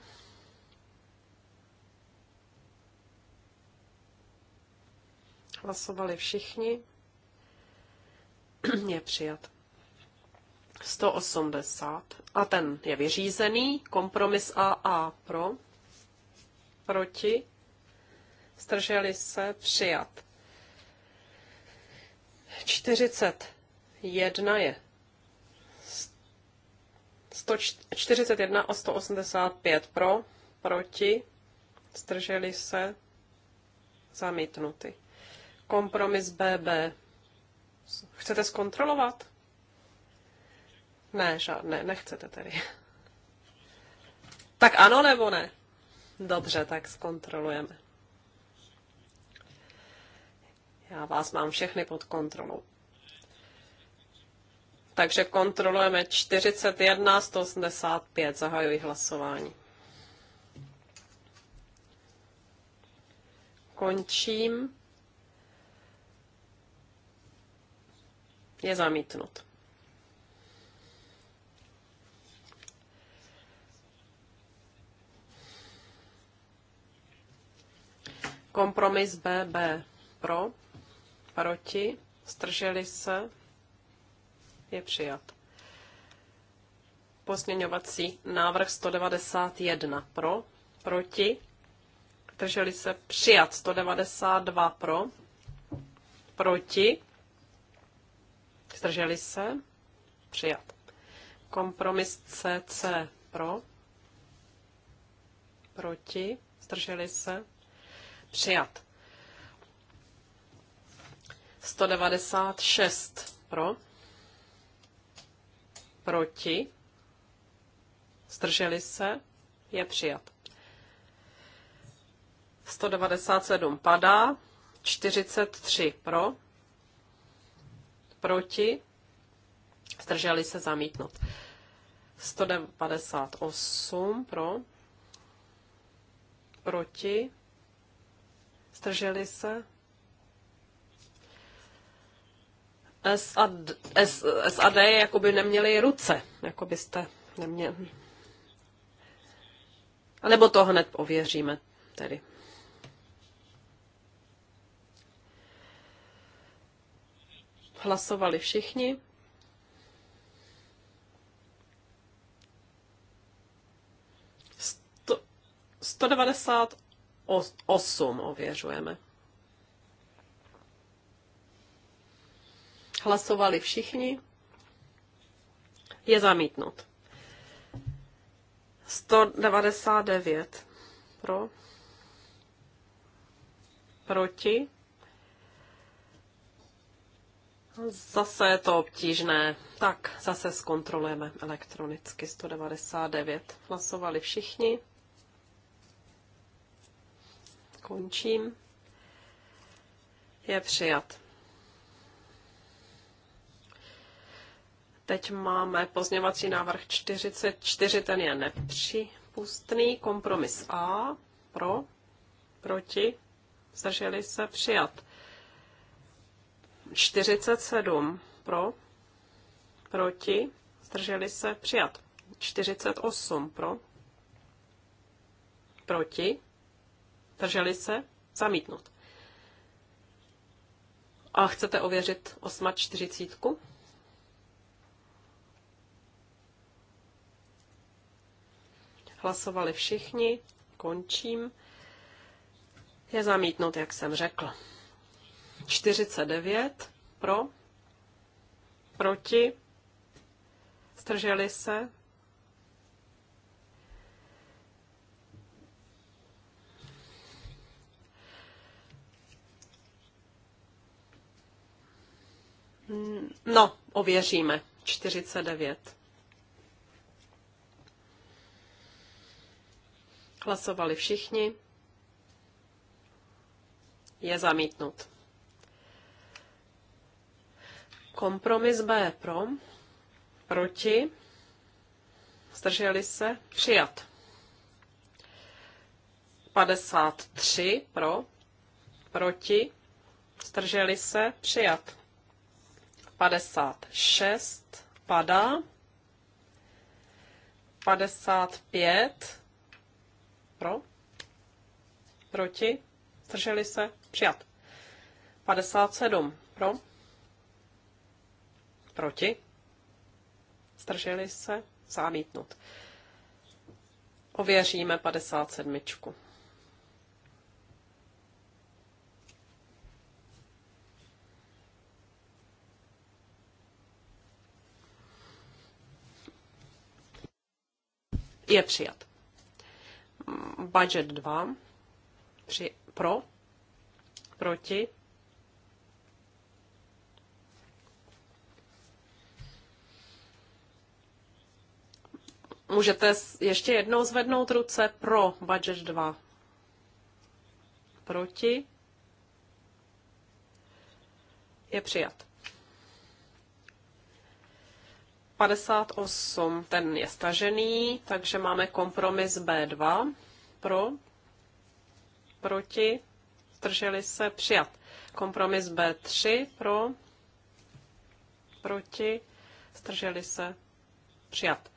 Hlasovali všichni. Je přijat. 180. A ten je vyřízený. Kompromis AA pro. Proti. Strželi se. Přijat. 41 je 141 a 185 pro, proti, strželi se, zamítnuty. Kompromis BB. Chcete zkontrolovat? Ne, žádné, nechcete tedy. Tak ano nebo ne? Dobře, tak zkontrolujeme. Já vás mám všechny pod kontrolou. Takže kontrolujeme 41 185. Zahajuji hlasování. Končím. Je zamítnut. Kompromis BB pro, proti, strželi se, je přijat. Posměňovací návrh 191 pro, proti, strželi se, přijat 192 pro, proti, strželi se, přijat. Kompromis CC pro, proti, strželi se, Přijat. 196 pro. Proti. Zdrželi se. Je přijat. 197 padá. 43 pro. Proti. Zdrželi se zamítnout. 198 pro. Proti zdrželi se. SAD, S, jako by neměli ruce, jako byste neměli. A nebo to hned ověříme tedy. Hlasovali všichni. Sto, 8 ověřujeme. Hlasovali všichni. Je zamítnut. 199 pro. Proti. Zase je to obtížné. Tak, zase zkontrolujeme elektronicky 199. Hlasovali všichni. Končím. Je přijat. Teď máme pozněvací návrh 44, ten je nepřípustný. Kompromis A, pro, proti, zdrželi se, přijat. 47, pro, proti, zdrželi se, přijat. 48, pro, proti, zdrželi se? Zamítnut. A chcete ověřit 8.40? Hlasovali všichni. Končím. Je zamítnut, jak jsem řekl. 49 pro, proti, zdrželi se, Mm, no, ověříme. 49. Hlasovali všichni. Je zamítnut. Kompromis B pro, proti, zdrželi se, přijat. 53 pro, proti, zdrželi se, přijat. 56 padá. 55 pro. Proti. drželi se. Přijat. 57 pro. Proti. Zdrželi se. Zamítnut. Ověříme 57. je přijat. Budget 2 při, pro, proti, Můžete ještě jednou zvednout ruce pro budget 2. Proti je přijat. 58, ten je stažený, takže máme kompromis B2 pro, proti, zdrželi se, přijat. Kompromis B3 pro, proti, zdrželi se, přijat.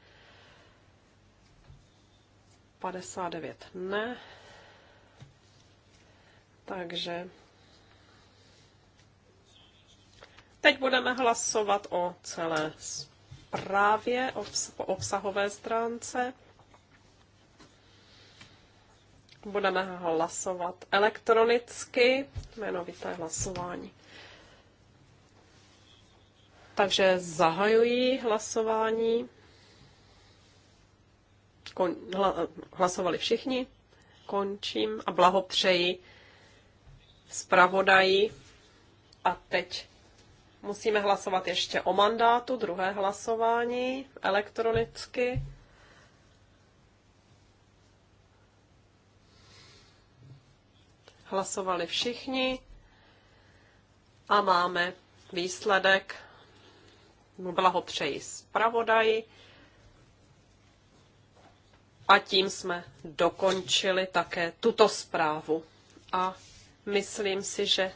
59 ne. Takže teď budeme hlasovat o celé zprávě právě po obsahové stránce. Budeme hlasovat elektronicky, jmenovité hlasování. Takže zahajuji hlasování. Kon, hla, hlasovali všichni. Končím a blahopřeji zpravodaji. A teď Musíme hlasovat ještě o mandátu, druhé hlasování elektronicky. Hlasovali všichni a máme výsledek. ho přeji zpravodaji. A tím jsme dokončili také tuto zprávu. A myslím si, že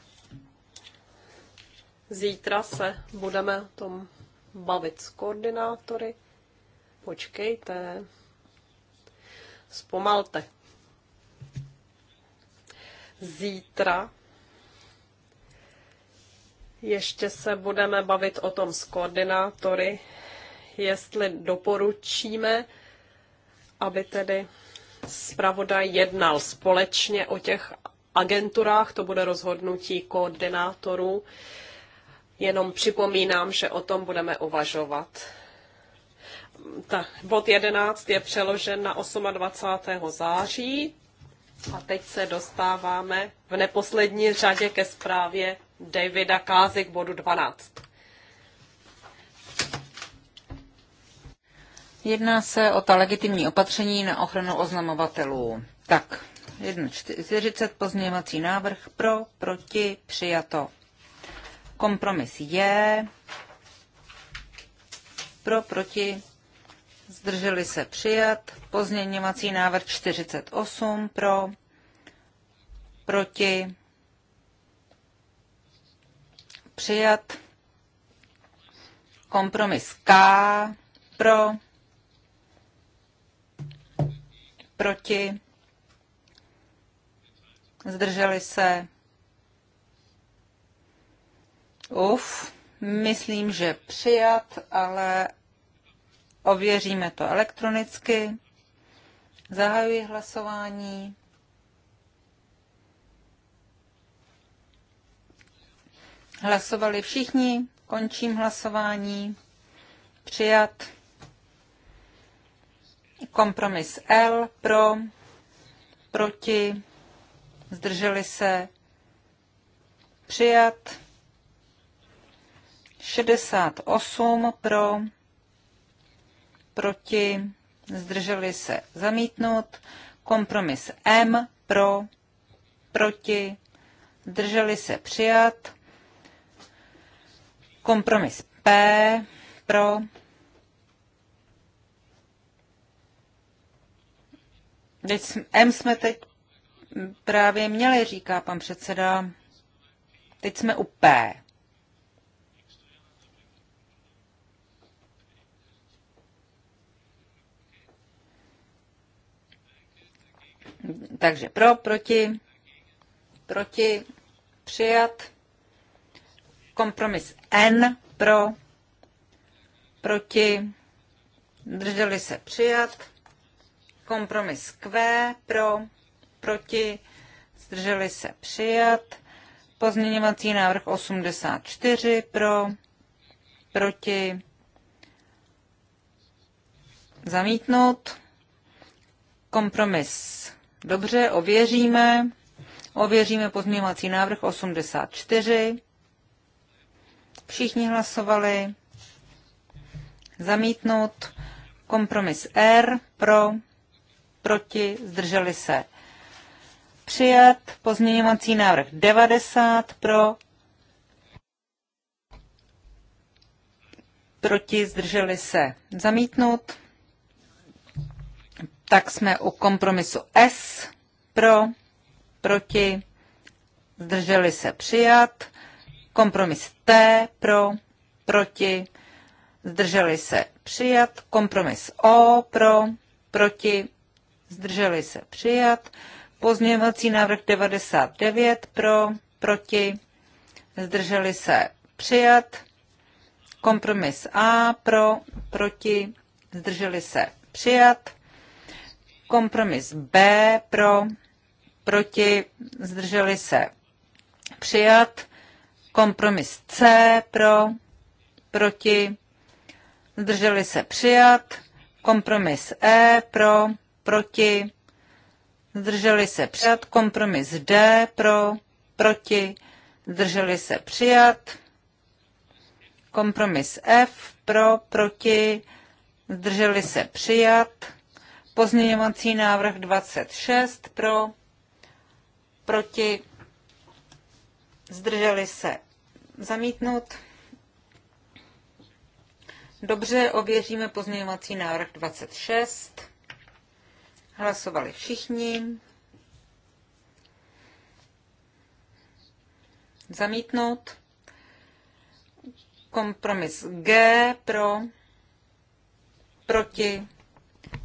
Zítra se budeme o tom bavit s koordinátory. Počkejte. Zpomalte. Zítra ještě se budeme bavit o tom s koordinátory, jestli doporučíme, aby tedy zpravodaj jednal společně o těch agenturách, to bude rozhodnutí koordinátorů. Jenom připomínám, že o tom budeme uvažovat. Ta, bod 11 je přeložen na 28. září a teď se dostáváme v neposlední řadě ke zprávě Davida Kázy k bodu 12. Jedná se o ta legitimní opatření na ochranu oznamovatelů. Tak, 1.40 pozměňovací návrh pro, proti, přijato. Kompromis je pro, proti, zdrželi se přijat. Pozměňovací návrh 48 pro, proti, přijat. Kompromis K pro, proti, zdrželi se Uf, myslím, že přijat, ale ověříme to elektronicky. Zahajuji hlasování. Hlasovali všichni, končím hlasování. Přijat. Kompromis L pro, proti, zdrželi se, přijat. 68 pro, proti, zdrželi se zamítnout. Kompromis M pro, proti, zdrželi se přijat. Kompromis P pro, Teď M jsme teď právě měli, říká pan předseda. Teď jsme u P. Takže pro, proti, proti, přijat. Kompromis N pro, proti, drželi se přijat. Kompromis Q pro, proti, zdrželi se přijat. Pozměňovací návrh 84 pro, proti, zamítnout. Kompromis Dobře, ověříme. Ověříme pozměňovací návrh 84. Všichni hlasovali. Zamítnout. Kompromis R. Pro. Proti. Zdrželi se. Přijat. Pozměňovací návrh 90. Pro. Proti. Zdrželi se. Zamítnout tak jsme u kompromisu S pro, proti, zdrželi se přijat. Kompromis T pro, proti, zdrželi se přijat. Kompromis O pro, proti, zdrželi se přijat. Pozměňovací návrh 99 pro, proti, zdrželi se přijat. Kompromis A pro, proti, zdrželi se přijat. Kompromis B pro, proti, zdrželi se přijat. Kompromis C pro, proti, zdrželi se přijat. Kompromis E pro, proti, zdrželi se přijat. Kompromis D pro, proti, zdrželi se přijat. Kompromis F pro, proti, zdrželi se přijat. Pozměňovací návrh 26 pro, proti, zdrželi se zamítnout. Dobře, ověříme pozměňovací návrh 26. Hlasovali všichni. Zamítnout. Kompromis G pro, proti,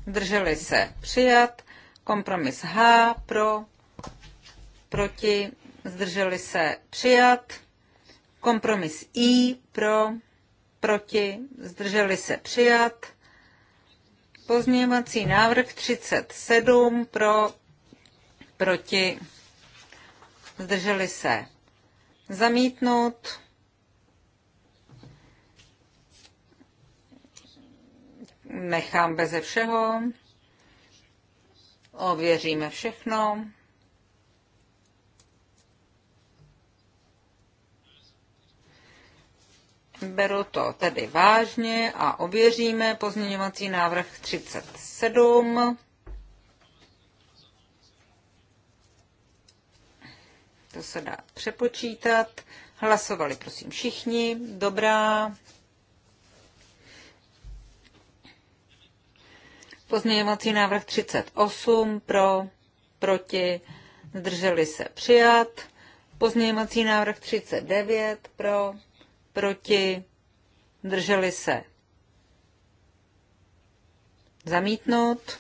zdrželi se přijat, kompromis H pro, proti, zdrželi se přijat, kompromis I pro, proti, zdrželi se přijat, pozměňovací návrh 37 pro, proti, zdrželi se zamítnout, nechám beze všeho. Ověříme všechno. Beru to tedy vážně a ověříme pozměňovací návrh 37. To se dá přepočítat. Hlasovali prosím všichni. Dobrá, Pozměňovací návrh 38 pro, proti, zdrželi se přijat. Pozměňovací návrh 39 pro, proti, zdrželi se zamítnout.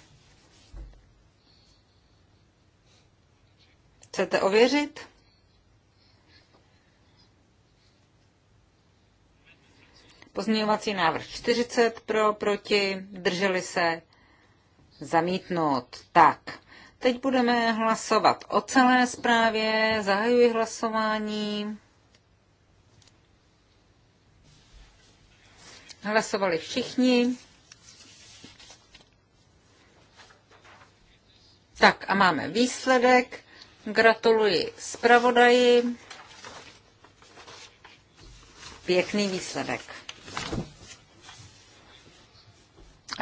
Chcete ověřit? Pozměňovací návrh 40 pro, proti, drželi se, Zamítnout. Tak. Teď budeme hlasovat o celé zprávě. Zahajuji hlasování. Hlasovali všichni. Tak a máme výsledek. Gratuluji zpravodaji. Pěkný výsledek.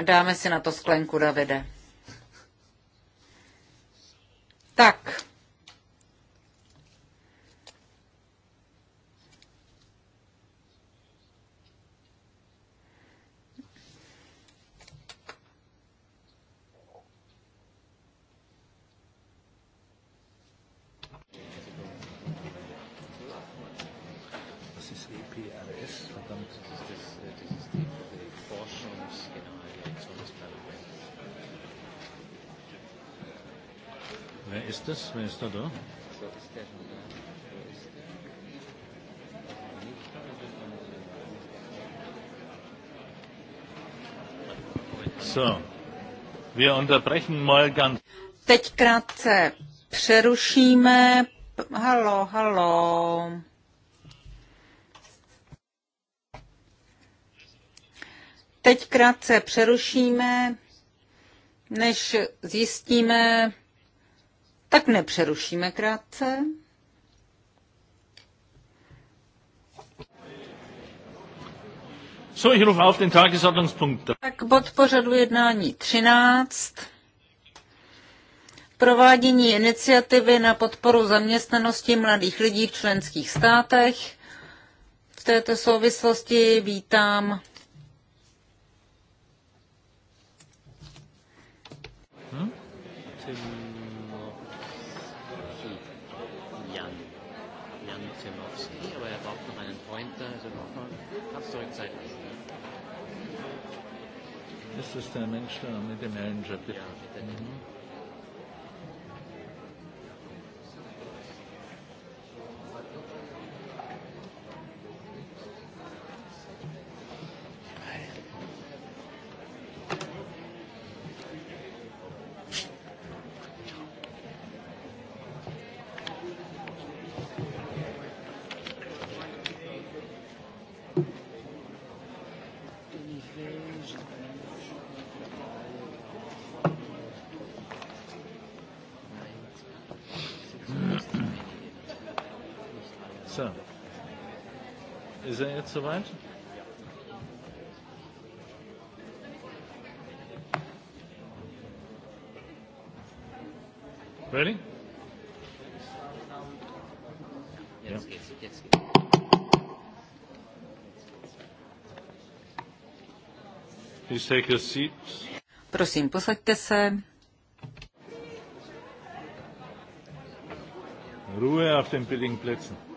Dáme si na to sklenku, Davide. Tak. Wer ist das? Wer ist da da? So, wir unterbrechen mal ganz... Teď krátce přerušíme. Halo, halo. Teď krátce přerušíme, než zjistíme, tak nepřerušíme krátce. So, ich rufe auf den Tagesordnungspunkt. Tak bod pořadu jednání 13. Provádění iniciativy na podporu zaměstnanosti mladých lidí v členských státech. V této souvislosti vítám das dann eingeschlagen mit dem Manager. Ja, soweit? Ready? Jetzt geht's, jetzt geht's. Please take your seats. Prosím, posaďte se. Ruhe auf den billigen Plätzen.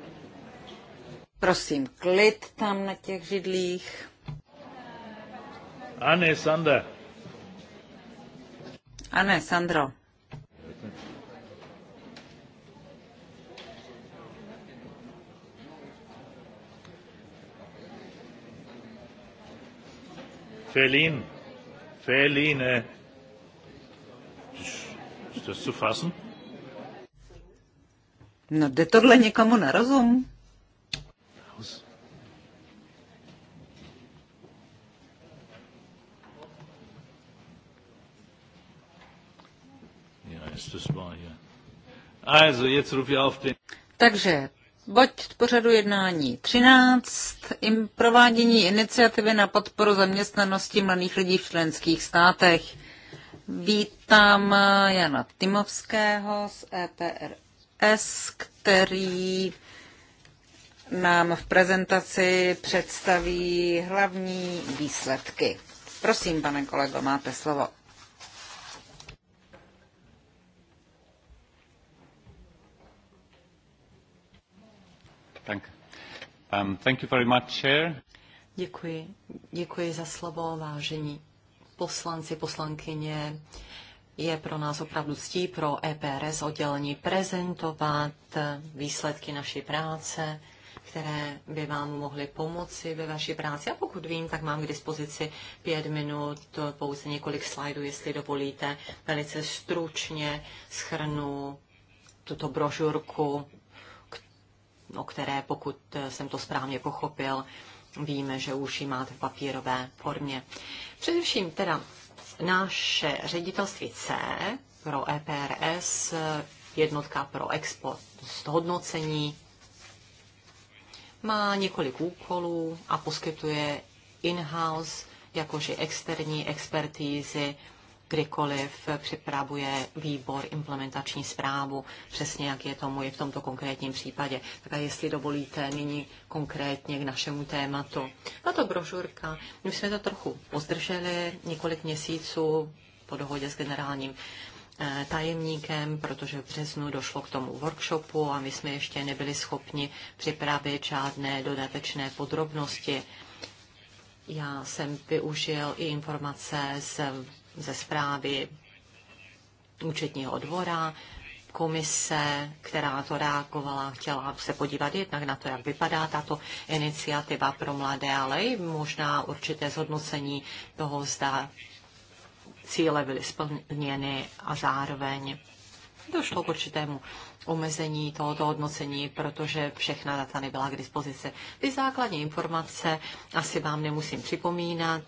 Prosím, klid tam na těch židlích. Ane, Sandra. Ane, Sandro. Felin. Feline. Ist das zu fassen? No, jde tohle někomu na rozum? Takže Boď pořadu jednání 13, im provádění iniciativy na podporu zaměstnanosti mladých lidí v členských státech. Vítám eh, Jana Timovského z EPRS, který nám v prezentaci představí hlavní výsledky. Prosím, pane kolego, máte slovo. Um, thank you very much, Chair. Děkuji. Děkuji za slovo, vážení poslanci, poslankyně. Je pro nás opravdu ctí pro EPRS oddělení prezentovat výsledky naší práce, které by vám mohly pomoci ve vaší práci. A pokud vím, tak mám k dispozici pět minut, pouze několik slajdů, jestli dovolíte. Velice stručně schrnu tuto brožurku o které, pokud eh, jsem to správně pochopil, víme, že už ji máte v papírové formě. Především teda naše ředitelství C pro EPRS, eh, jednotka pro export hodnocení, má několik úkolů a poskytuje in-house, jakože externí expertízy kdykoliv připravuje výbor implementační zprávu, přesně jak je tomu i v tomto konkrétním případě. Tak a jestli dovolíte nyní konkrétně k našemu tématu. Tato brožurka, my jsme to trochu pozdrželi několik měsíců po dohodě s generálním eh, tajemníkem, protože v březnu došlo k tomu workshopu a my jsme ještě nebyli schopni připravit žádné dodatečné podrobnosti. Já jsem využil i informace z ze zprávy účetního odvora, komise, která to reagovala, chtěla se podívat jednak na to, jak vypadá tato iniciativa pro mladé, ale i možná určité zhodnocení toho, zda cíle byly splněny a zároveň došlo k určitému omezení tohoto hodnocení, protože všechna data nebyla k dispozici. Ty základní informace asi vám nemusím připomínat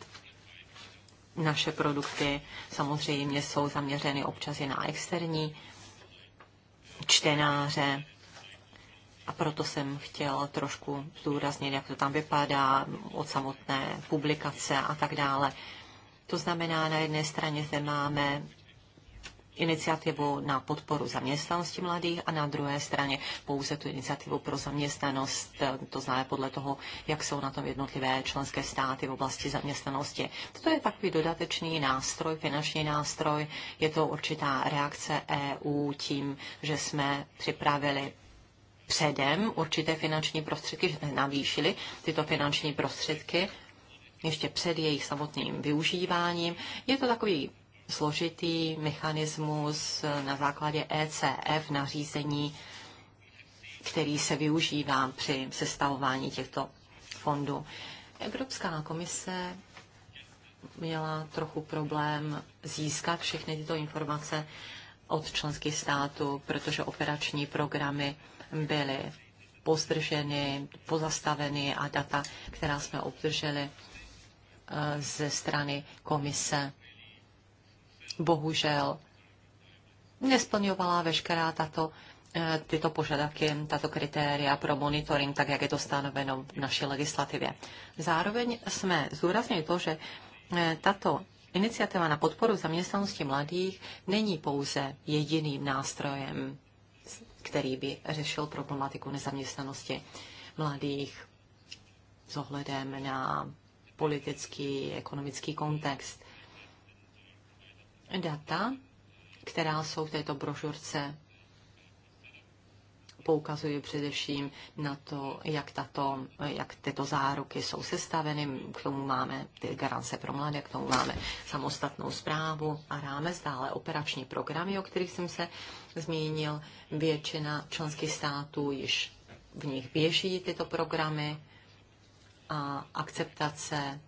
naše produkty samozřejmě jsou zaměřeny občas i na externí čtenáře. A proto jsem chtěl trošku zdůraznit, jak to tam vypadá od samotné publikace a tak dále. To znamená, na jedné straně zde máme iniciativu na podporu zaměstnanosti mladých a na druhé straně pouze tu iniciativu pro zaměstnanost, to znamená podle toho, jak jsou na tom jednotlivé členské státy v oblasti zaměstnanosti. Toto je takový dodatečný nástroj, finanční nástroj, je to určitá reakce EU tím, že jsme připravili předem určité finanční prostředky, že jsme navýšili tyto finanční prostředky ještě před jejich samotným využíváním. Je to takový složitý mechanismus na základě ECF nařízení, který se využívá při sestavování těchto fondů. Evropská komise měla trochu problém získat všechny tyto informace od členských států, protože operační programy byly pozdrženy, pozastaveny a data, která jsme obdrželi eh, ze strany komise, bohužel nesplňovala veškerá tato eh, tyto požadavky, tato kritéria pro monitoring, tak jak je to stanoveno v naší legislativě. Zároveň jsme zúraznili to, že eh, tato iniciativa na podporu zaměstnanosti mladých není pouze jediným nástrojem, který by řešil problematiku nezaměstnanosti mladých s ohledem na politický, ekonomický kontext. Data, která jsou v této brožurce, poukazuje především na to, jak, tato, jak tyto záruky jsou sestaveny. K tomu máme ty garance pro mladé, k tomu máme samostatnou zprávu a ráme dále operační programy, o kterých jsem se zmínil. Většina členských států již v nich běží tyto programy a akceptace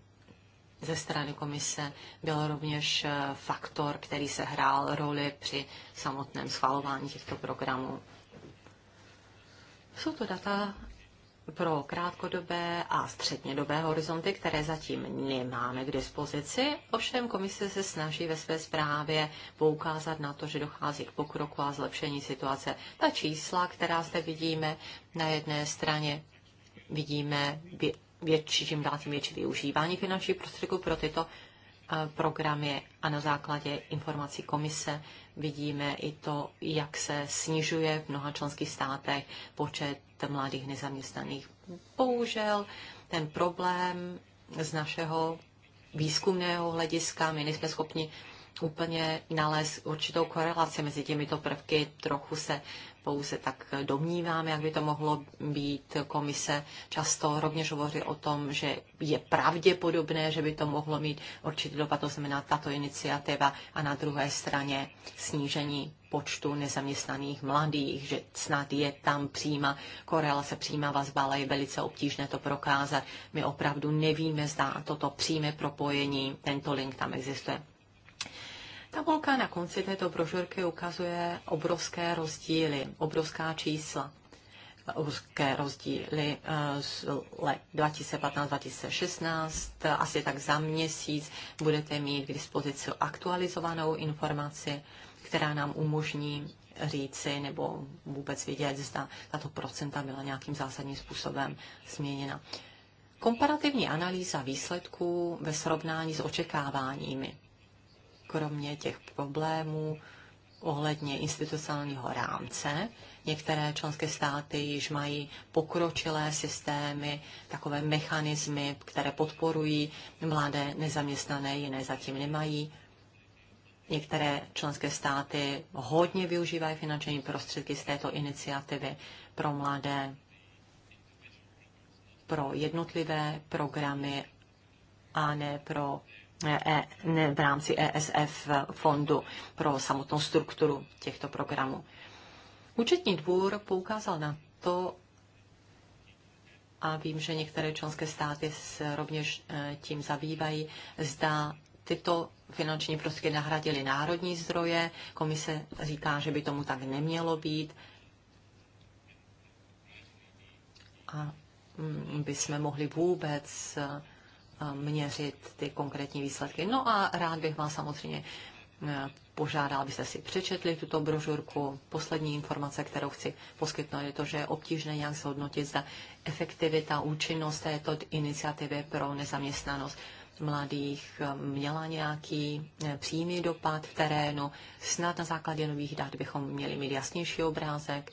ze strany komise byl rovněž eh, faktor, který se hrál roli při samotném schvalování těchto programů. Jsou to data pro krátkodobé a střednědobé horizonty, které zatím nemáme k dispozici. Ovšem komise se snaží ve své zprávě poukázat na to, že dochází k pokroku a zlepšení situace. Ta čísla, která zde vidíme, na jedné straně vidíme větší, čím dál tím větší využívání finančních prostředků pro tyto eh, programy a na základě informací komise vidíme i to, jak se snižuje v mnoha členských státech počet mladých nezaměstnaných. Bohužel ten problém z našeho výzkumného hlediska, my nejsme schopni úplně nalézt určitou korelaci mezi těmito prvky, trochu se pouze tak domnívám, jak by to mohlo být. Komise často rovněž hovoří o tom, že je pravděpodobné, že by to mohlo mít určitý dopad, to znamená tato iniciativa a na druhé straně snížení počtu nezaměstnaných mladých, že snad je tam přímá korelace, přímá vazba, ale je velice obtížné to prokázat. My opravdu nevíme, zda toto přímé propojení, tento link tam existuje. Tabulka na konci této brožurky ukazuje obrovské rozdíly, obrovská čísla obrovské rozdíly eh, z let 2015-2016. Eh, asi tak za měsíc budete mít k dispozici aktualizovanou informaci, která nám umožní říci nebo vůbec vidět, zda tato procenta byla nějakým zásadním způsobem změněna. Komparativní analýza výsledků ve srovnání s očekáváními kromě těch problémů ohledně institucionálního rámce, některé členské státy již mají pokročilé systémy, takové mechanismy, které podporují mladé nezaměstnané, jiné zatím nemají. Některé členské státy hodně využívají finanční prostředky z této iniciativy pro mladé, pro jednotlivé programy a ne pro E, v rámci ESF fondu pro samotnou strukturu těchto programů. Účetní dvůr poukázal na to, a vím, že některé členské státy se rovněž e, tím zabývají, zda tyto finanční prostředky nahradily národní zdroje. Komise říká, že by tomu tak nemělo být. A mm, by jsme mohli vůbec měřit ty konkrétní výsledky. No a rád bych vás samozřejmě e, požádal, abyste si přečetli tuto brožurku. Poslední informace, kterou chci poskytnout, je to, že je obtížné nějak zhodnotit, zda efektivita, účinnost této iniciativy pro nezaměstnanost mladých e, měla nějaký e, přímý dopad v terénu. Snad na základě nových dat bychom měli mít jasnější obrázek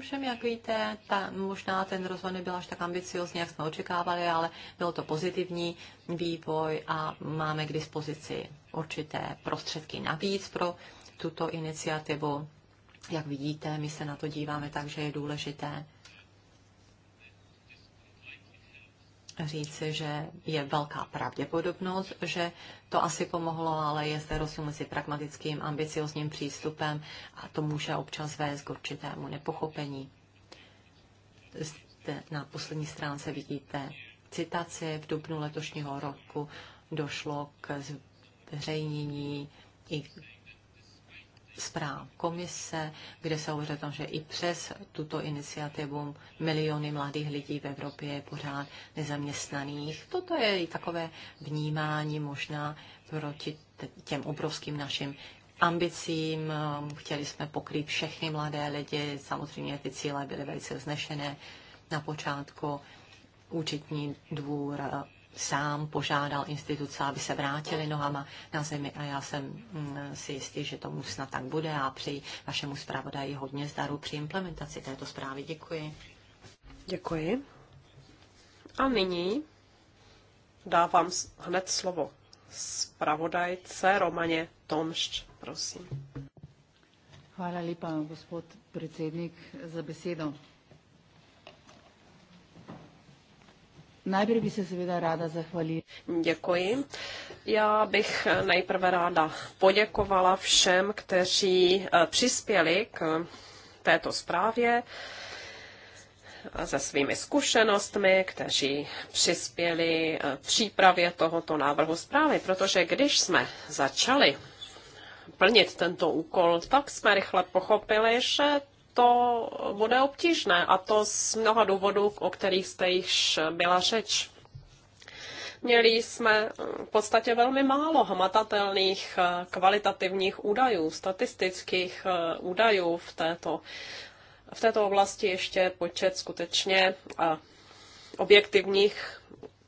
Všem, jak víte, ta, možná ten rozvoj nebyl až tak ambiciozní, jak jsme očekávali, ale byl to pozitivní vývoj a máme k dispozici určité prostředky navíc pro tuto iniciativu. Jak vidíte, my se na to díváme tak, že je důležité říci, že je velká pravděpodobnost, že to asi pomohlo, ale je zde rozdíl mezi pragmatickým, ambiciozním přístupem a to může občas vést k určitému nepochopení. Zde na poslední stránce vidíte citaci. V dubnu letošního roku došlo k zveřejnění i zpráv komise, kde se hovoří o tom, že i přes tuto iniciativu miliony mladých lidí v Evropě je pořád nezaměstnaných. Toto je i takové vnímání možná proti těm obrovským našim ambicím. Chtěli jsme pokrýt všechny mladé lidi. Samozřejmě ty cíle byly velice vznešené na počátku účetní dvůr sám požádal instituce, aby se vrátili nohama na zemi a já jsem mm, si jistý, že tomu snad tak bude a přeji vašemu zpravodaji hodně zdaru při implementaci této zprávy. Děkuji. Děkuji. A nyní dávám hned slovo zpravodajce Romaně Tomšč, prosím. Hvala lepa, gospod predsednik, za besedo. Najprve by se seveda ráda zahvalila. Děkuji. Já bych nejprve ráda poděkovala všem, kteří eh, přispěli k této zprávě eh, se svými zkušenostmi, kteří přispěli eh, přípravě tohoto návrhu zprávy, protože když jsme začali plnit tento úkol, tak jsme rychle pochopili, že to bude obtížné a to z mnoha důvodů, o kterých jste již byla řeč. Měli jsme v podstatě velmi málo hmatatelných eh, kvalitativních údajů, statistických eh, údajů v této, v této oblasti ještě počet skutečně eh, objektivních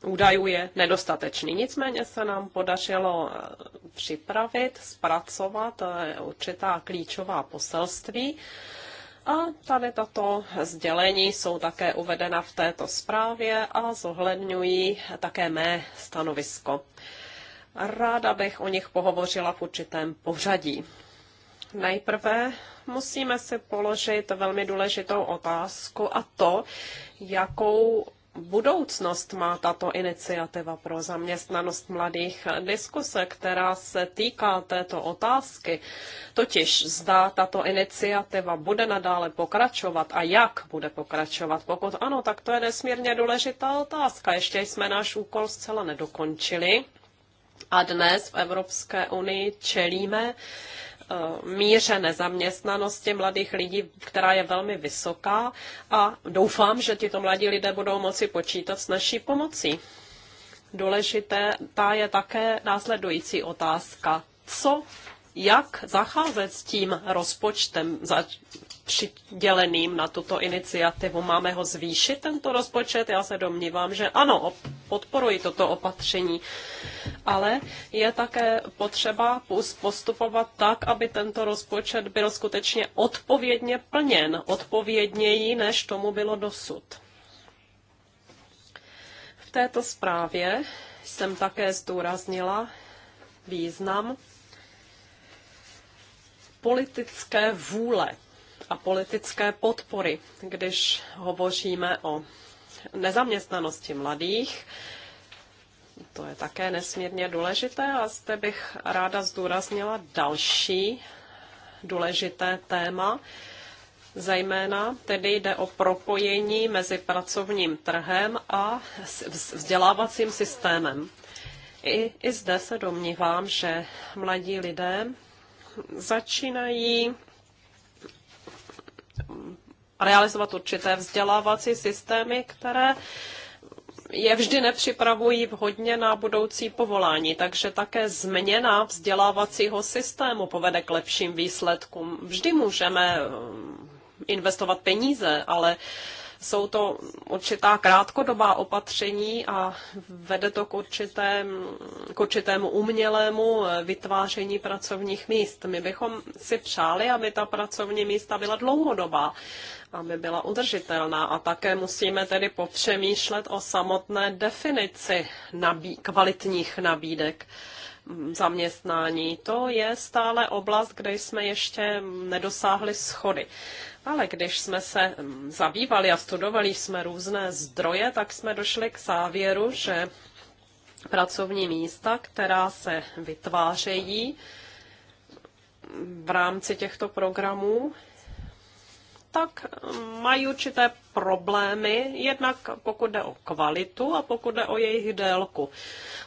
údajů je nedostatečný. Nicméně se nám podařilo připravit, zpracovat určitá klíčová poselství a tady tato sdělení jsou také uvedena v této zprávě a zohledňují také mé stanovisko. Ráda bych o nich pohovořila v určitém pořadí. Nejprve musíme si položit velmi důležitou otázku a to, jakou budoucnost má tato iniciativa pro zaměstnanost mladých? Diskuse, která se týká této otázky, totiž zda tato iniciativa bude nadále pokračovat a jak bude pokračovat. Pokud ano, tak to je nesmírně důležitá otázka. Ještě jsme náš úkol zcela nedokončili. A dnes v Evropské unii čelíme Eh, míře nezaměstnanosti mladých lidí, která je velmi vysoká a doufám, že tito mladí lidé budou moci počítat s naší pomocí. Důležité ta je také následující otázka. Co jak zacházet s tím rozpočtem, přiděleným na tuto iniciativu. Máme ho zvýšit, tento rozpočet? Já se domnívám, že ano, podporuji toto opatření, ale je také potřeba postupovat tak, aby tento rozpočet byl skutečně odpovědně plněn, odpovědněji, než tomu bylo dosud. V této zprávě jsem také zdůraznila význam politické vůle a politické podpory, když hovoříme o nezaměstnanosti mladých. To je také nesmírně důležité a zde bych ráda zdůraznila další důležité téma. Zejména tedy jde o propojení mezi pracovním trhem a vzdělávacím systémem. I, i zde se domnívám, že mladí lidé začínají realizovat určité vzdělávací systémy, které je vždy nepřipravují vhodně na budoucí povolání, takže také změna vzdělávacího systému povede k lepším výsledkům. Vždy můžeme um, investovat peníze, ale jsou to určitá krátkodobá opatření a vede to k, určitém, k určitému umělému eh, vytváření pracovních míst. My bychom si přáli, aby ta pracovní místa byla dlouhodobá aby byla udržitelná. A také musíme tedy popřemýšlet o samotné definici nabí- kvalitních nabídek zaměstnání. To je stále oblast, kde jsme ještě nedosáhli schody. Ale když jsme se mm, zabývali a studovali jsme různé zdroje, tak jsme došli k závěru, že pracovní místa, která se vytvářejí v rámci těchto programů, tak mají určité problémy, jednak pokud jde o kvalitu a pokud jde o jejich délku.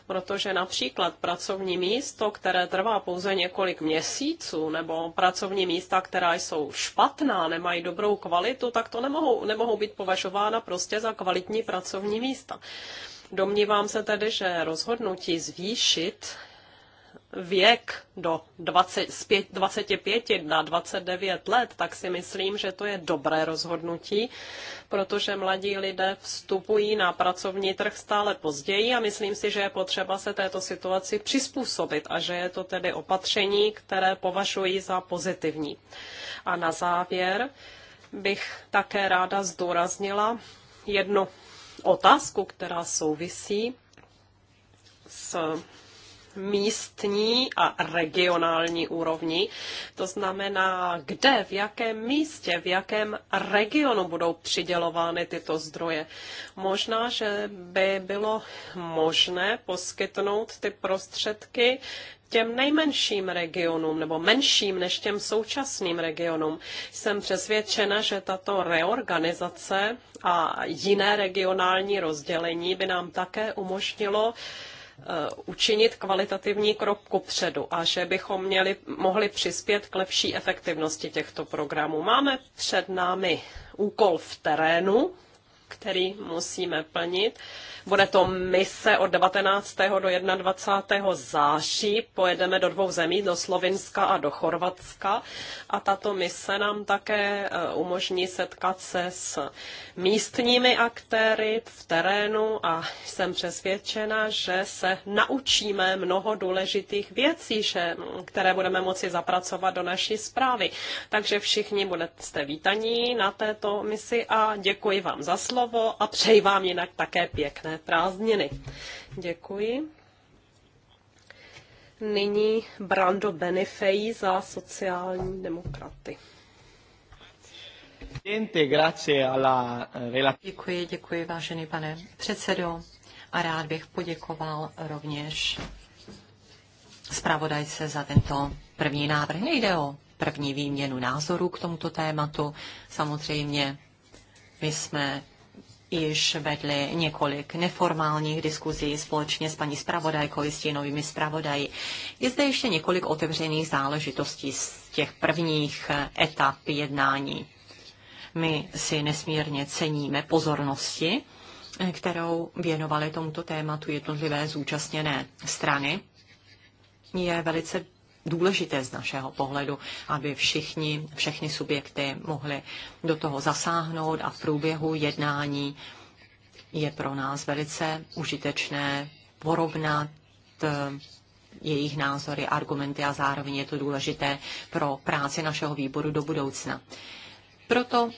Protože například pracovní místo, které trvá pouze několik měsíců, nebo pracovní místa, která jsou špatná, nemají dobrou kvalitu, tak to nemohou, nemohou být považována prostě za kvalitní pracovní místa. Domnívám se tedy, že rozhodnutí zvýšit věk do 20, 25 na 29 let, tak si myslím, že to je dobré rozhodnutí, protože mladí lidé vstupují na pracovní trh stále později a myslím si, že je potřeba se této situaci přizpůsobit a že je to tedy opatření, které považuji za pozitivní. A na závěr bych také ráda zdůraznila jednu otázku, která souvisí s místní a regionální úrovni. To znamená, kde, v jakém místě, v jakém regionu budou přidělovány tyto zdroje. Možná, že by bylo možné poskytnout ty prostředky těm nejmenším regionům nebo menším než těm současným regionům. Jsem přesvědčena, že tato reorganizace a jiné regionální rozdělení by nám také umožnilo uh, Eh, učinit kvalitativní krok kupředu a že bychom měli, mohli přispět k lepší efektivnosti těchto programů. Máme před námi úkol v terénu, který musíme plnit. Bude to mise od 19. do 21. září. Pojedeme do dvou zemí, do Slovinska a do Chorvatska. A tato mise nám také e, umožní setkat se s místními aktéry v terénu a jsem přesvědčena, že se naučíme mnoho důležitých věcí, že, které budeme moci zapracovat do naší zprávy. Takže všichni budete vítaní na této misi a děkuji vám za slovo slovo a přeji vám jinak také pěkné prázdniny. Děkuji. Nyní Brando Benefej za sociální demokraty. Eh, děkuji, děkuji, vážený pane předsedo. A rád bych poděkoval rovněž zpravodajce za tento první návrh. Nejde o první výměnu názorů k tomuto tématu. Samozřejmě my jsme již vedli několik neformálních diskuzí společně s paní zpravodajkou i s novými zpravodaji. Je zde ještě několik otevřených záležitostí z těch prvních eh, etap jednání. My si nesmírně ceníme pozornosti, eh, kterou věnovaly tomuto tématu jednotlivé zúčastněné strany. Je velice důležité z našeho pohledu, aby všichni, všechny subjekty mohly do toho zasáhnout a v průběhu jednání je pro nás velice užitečné porovnat eh, jejich názory, argumenty a zároveň je to důležité pro práci našeho výboru do budoucna. Proto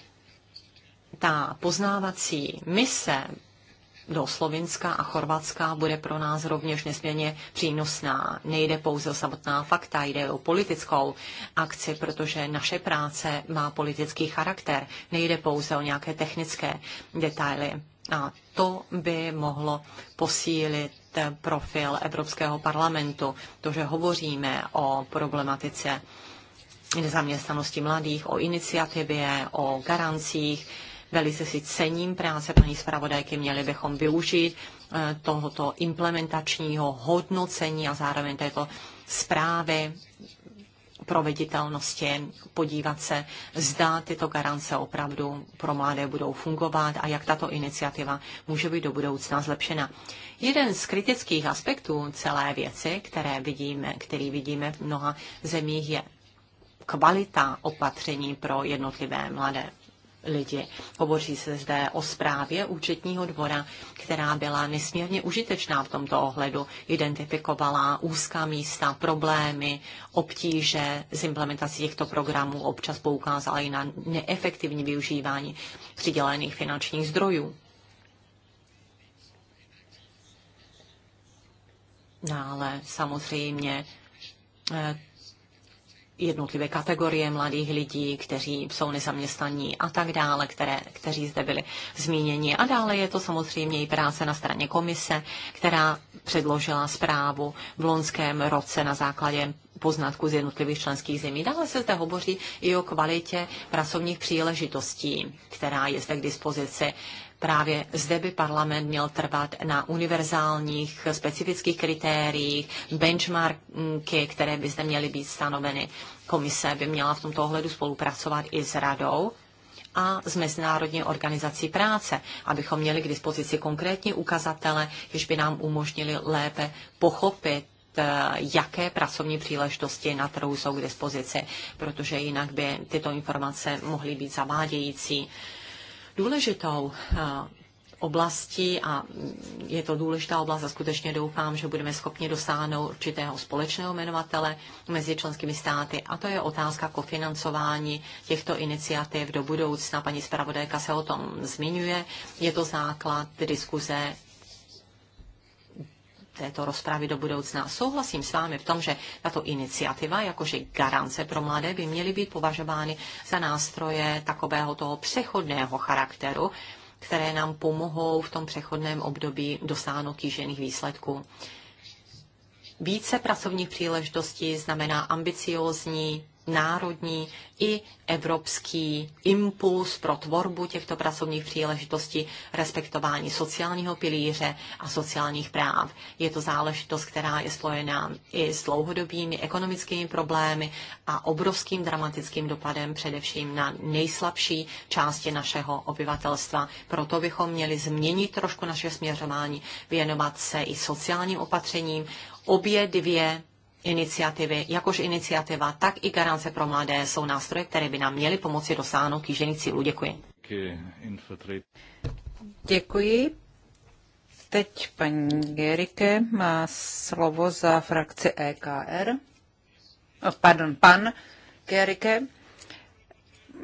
ta poznávací mise do Slovinska a Chorvatska bude pro nás rovněž nesmírně přínosná. Nejde pouze o samotná fakta, jde o politickou akci, protože naše práce má politický charakter. Nejde pouze o nějaké technické detaily. A to by mohlo posílit profil Evropského parlamentu, to, že hovoříme o problematice nezaměstnanosti mladých, o iniciativě, o garancích, Velice si cením práce paní zpravodajky, měli bychom využít eh, tohoto implementačního hodnocení a zároveň této zprávy proveditelnosti, podívat se, zda tyto garance opravdu pro mladé budou fungovat a jak tato iniciativa může být do budoucna zlepšena. Jeden z kritických aspektů celé věci, které vidíme, který vidíme v mnoha zemích, je kvalita opatření pro jednotlivé mladé lidi. Hovoří se zde o zprávě účetního dvora, která byla nesmírně užitečná v tomto ohledu. Identifikovala úzká místa, problémy, obtíže z implementací těchto programů, občas poukázala i na neefektivní využívání přidělených finančních zdrojů. Dále no, samozřejmě eh, jednotlivé kategorie mladých lidí, kteří jsou nezaměstnaní a tak dále, které, kteří zde byli zmíněni. A dále je to samozřejmě i práce na straně komise, která předložila zprávu v loňském roce na základě poznatků z jednotlivých členských zemí. Dále se zde hovoří i o kvalitě pracovních příležitostí, která je zde k dispozici Právě zde by parlament měl trvat na univerzálních specifických kritériích, benchmarky, které by zde měly být stanoveny. Komise by měla v tomto ohledu spolupracovat i s radou a s Mezinárodní organizací práce, abychom měli k dispozici konkrétní ukazatele, když by nám umožnili lépe pochopit eh, jaké pracovní příležitosti na trhu jsou k dispozici, protože jinak by tyto informace mohly být zavádějící důležitou eh, oblasti a je to důležitá oblast a skutečně doufám, že budeme schopni dosáhnout určitého společného jmenovatele mezi členskými státy a to je otázka kofinancování těchto iniciativ do budoucna. Paní zpravodajka se o tom zmiňuje. Je to základ diskuze této rozpravy do budoucna. Souhlasím s vámi v tom, že tato iniciativa, jakože garance pro mladé, by měly být považovány za nástroje takového toho přechodného charakteru, které nám pomohou v tom přechodném období dosáhnout kýžených výsledků. Více pracovních příležitostí znamená ambiciózní národní i evropský impuls pro tvorbu těchto pracovních příležitostí, respektování sociálního pilíře a sociálních práv. Je to záležitost, která je spojená i s dlouhodobými ekonomickými problémy a obrovským dramatickým dopadem především na nejslabší části našeho obyvatelstva. Proto bychom měli změnit trošku naše směřování, věnovat se i sociálním opatřením. Obě dvě iniciativy, jakož iniciativa, tak i garance pro mladé jsou nástroje, které by nám měly pomoci dosáhnout kýžených cílů. Děkuji. Děkuji. Teď paní Gerike má slovo za frakci EKR. Oh, pardon, pan Gerike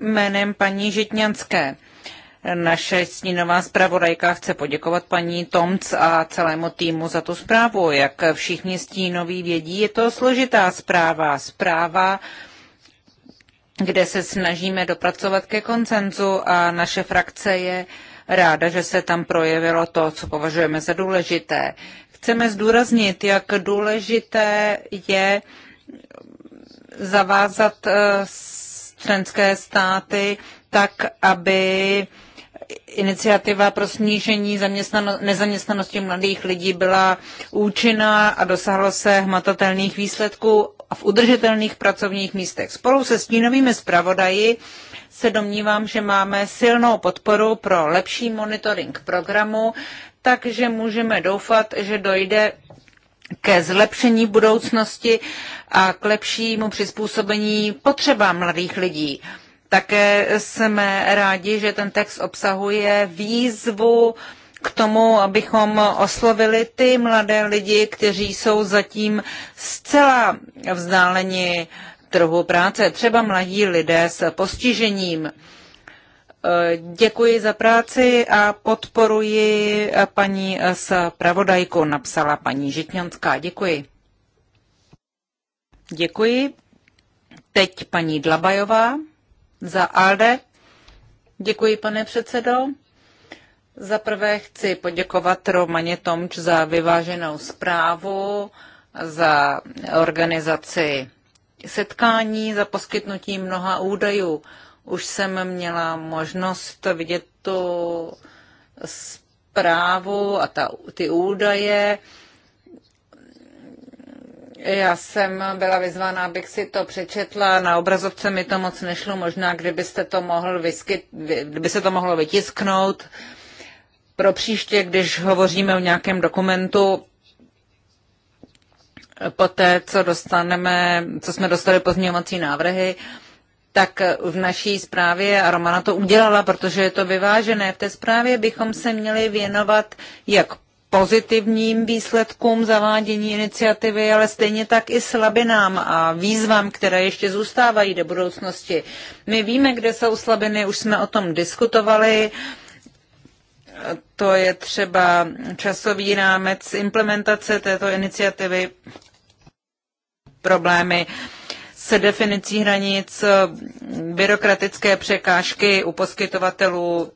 jménem paní Žitňanské. Naše stínová zpravodajka chce poděkovat paní Tomc a celému týmu za tu zprávu. Jak všichni stínoví vědí, je to složitá zpráva. Zpráva, kde se snažíme dopracovat ke koncenzu a naše frakce je ráda, že se tam projevilo to, co považujeme za důležité. Chceme zdůraznit, jak důležité je zavázat eh, členské státy tak, aby iniciativa pro snížení nezaměstnanosti mladých lidí byla účinná a dosáhlo se hmatatelných výsledků a v udržitelných pracovních místech. Spolu se stínovými zpravodaji se domnívám, že máme silnou podporu pro lepší monitoring programu, takže můžeme doufat, že dojde ke zlepšení budoucnosti a k lepšímu přizpůsobení potřebám mladých lidí. Také jsme rádi, že ten text obsahuje výzvu k tomu, abychom oslovili ty mladé lidi, kteří jsou zatím zcela vzdáleni trhu práce, třeba mladí lidé s postižením. Děkuji za práci a podporuji paní s pravodajkou, napsala paní Žitňanská. Děkuji. Děkuji. Teď paní Dlabajová za ALDE. Děkuji, pane předsedo. Za prvé chci poděkovat Romaně Tomč za vyváženou zprávu, za organizaci setkání, za poskytnutí mnoha údajů. Už jsem měla možnost vidět tu zprávu a ta, ty údaje. Já jsem byla vyzvána, abych si to přečetla, na obrazovce mi to moc nešlo, možná kdybyste to mohl vyskyt, kdyby se to mohlo vytisknout. Pro příště, když hovoříme o nějakém dokumentu, poté, co dostaneme, co jsme dostali pozměňovací návrhy, tak v naší zprávě, a Romana to udělala, protože je to vyvážené, v té zprávě bychom se měli věnovat jak pozitivním výsledkům zavádění iniciativy, ale stejně tak i slabinám a výzvám, které ještě zůstávají do budoucnosti. My víme, kde jsou slabiny, už jsme o tom diskutovali. To je třeba časový rámec implementace této iniciativy, problémy se definicí hranic, byrokratické překážky u poskytovatelů,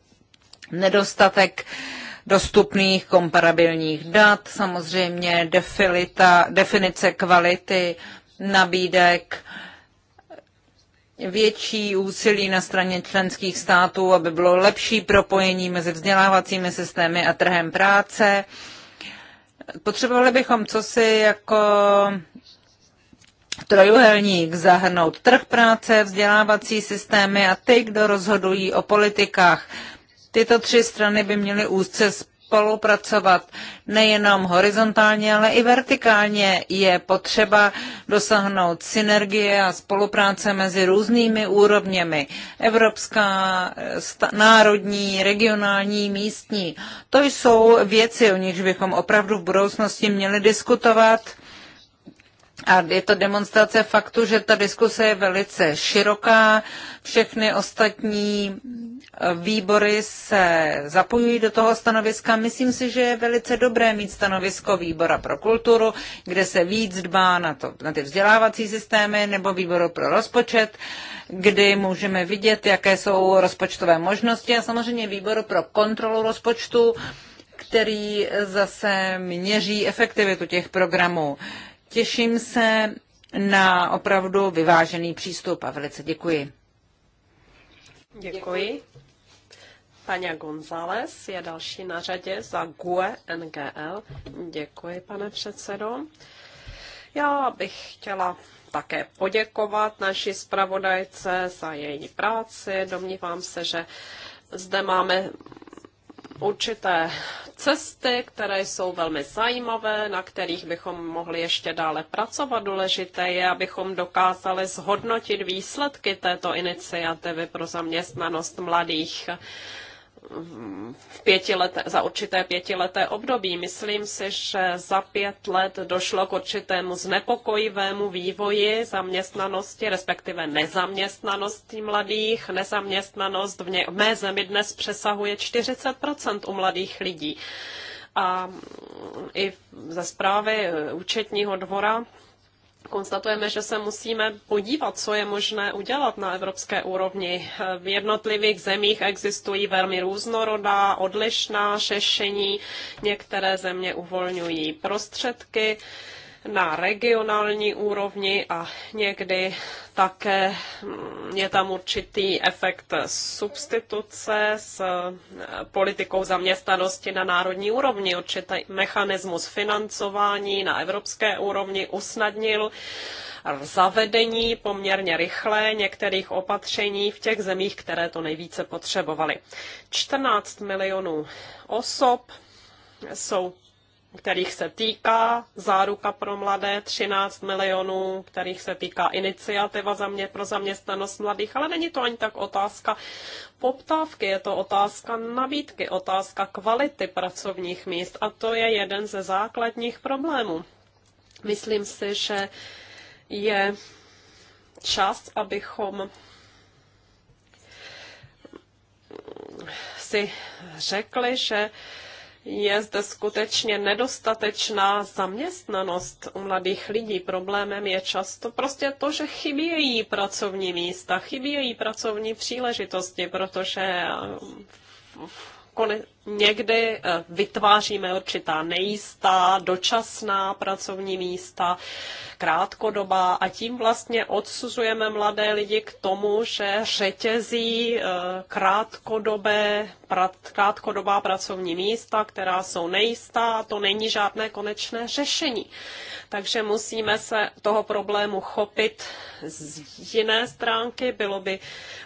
nedostatek uh, dostupných komparabilních dat, samozřejmě defilita, definice kvality nabídek, větší úsilí na straně členských států, aby bylo lepší propojení mezi vzdělávacími systémy a trhem práce. Potřebovali bychom cosi jako trojuhelník zahrnout trh práce, vzdělávací systémy a ty, kdo rozhodují o politikách. Tyto tři strany by měly úzce spolupracovat nejenom horizontálně, ale i vertikálně. Je potřeba dosáhnout synergie a spolupráce mezi různými úrovněmi. Evropská, národní, regionální, místní. To jsou věci, o nichž bychom opravdu v budoucnosti měli diskutovat. A je to demonstrace faktu, že ta diskuse je velice široká. Všechny ostatní Výbory se zapojují do toho stanoviska. Myslím si, že je velice dobré mít stanovisko výbora pro kulturu, kde se víc dbá na, to, na ty vzdělávací systémy nebo výboru pro rozpočet, kdy můžeme vidět, jaké jsou rozpočtové možnosti a samozřejmě výboru pro kontrolu rozpočtu, který zase měří efektivitu těch programů. Těším se na opravdu vyvážený přístup a velice děkuji. Děkuji. Tania González je další na řadě za GUE NGL. Děkuji, pane předsedo. Já bych chtěla také poděkovat naší zpravodajce za její práci. Domnívám se, že zde máme určité cesty, které jsou velmi zajímavé, na kterých bychom mohli ještě dále pracovat. Důležité je, abychom dokázali zhodnotit výsledky této iniciativy pro zaměstnanost mladých v pěti let, za určité pětileté období. Myslím si, že za pět let došlo k určitému znepokojivému vývoji zaměstnanosti, respektive nezaměstnanosti mladých. Nezaměstnanost v, ně, v mé zemi dnes přesahuje 40 u mladých lidí. A i ze zprávy účetního dvora konstatujeme, že se musíme podívat, co je možné udělat na evropské úrovni. V jednotlivých zemích existují velmi různorodá, odlišná řešení. Některé země uvolňují prostředky na regionální úrovni a někdy také je tam určitý efekt substituce s eh, politikou zaměstnanosti na národní úrovni. Určitý mechanismus financování na evropské úrovni usnadnil zavedení poměrně rychlé některých opatření v těch zemích, které to nejvíce potřebovaly. 14 milionů osob jsou kterých se týká záruka pro mladé, 13 milionů, kterých se týká iniciativa za mě pro zaměstnanost mladých, ale není to ani tak otázka poptávky, je to otázka nabídky, otázka kvality pracovních míst a to je jeden ze základních problémů. Myslím si, že je čas, abychom si řekli, že je zde skutečně nedostatečná zaměstnanost u mladých lidí. Problémem je často prostě to, že chybějí pracovní místa, chybějí pracovní příležitosti, protože v eh, někdy eh, vytváříme určitá nejistá, dočasná pracovní místa, krátkodobá a tím vlastně odsuzujeme mladé lidi k tomu, že řetězí eh, krátkodobé, krátkodobá pracovní místa, která jsou nejistá, to není žádné konečné řešení. Takže musíme se toho problému chopit z jiné stránky. Bylo by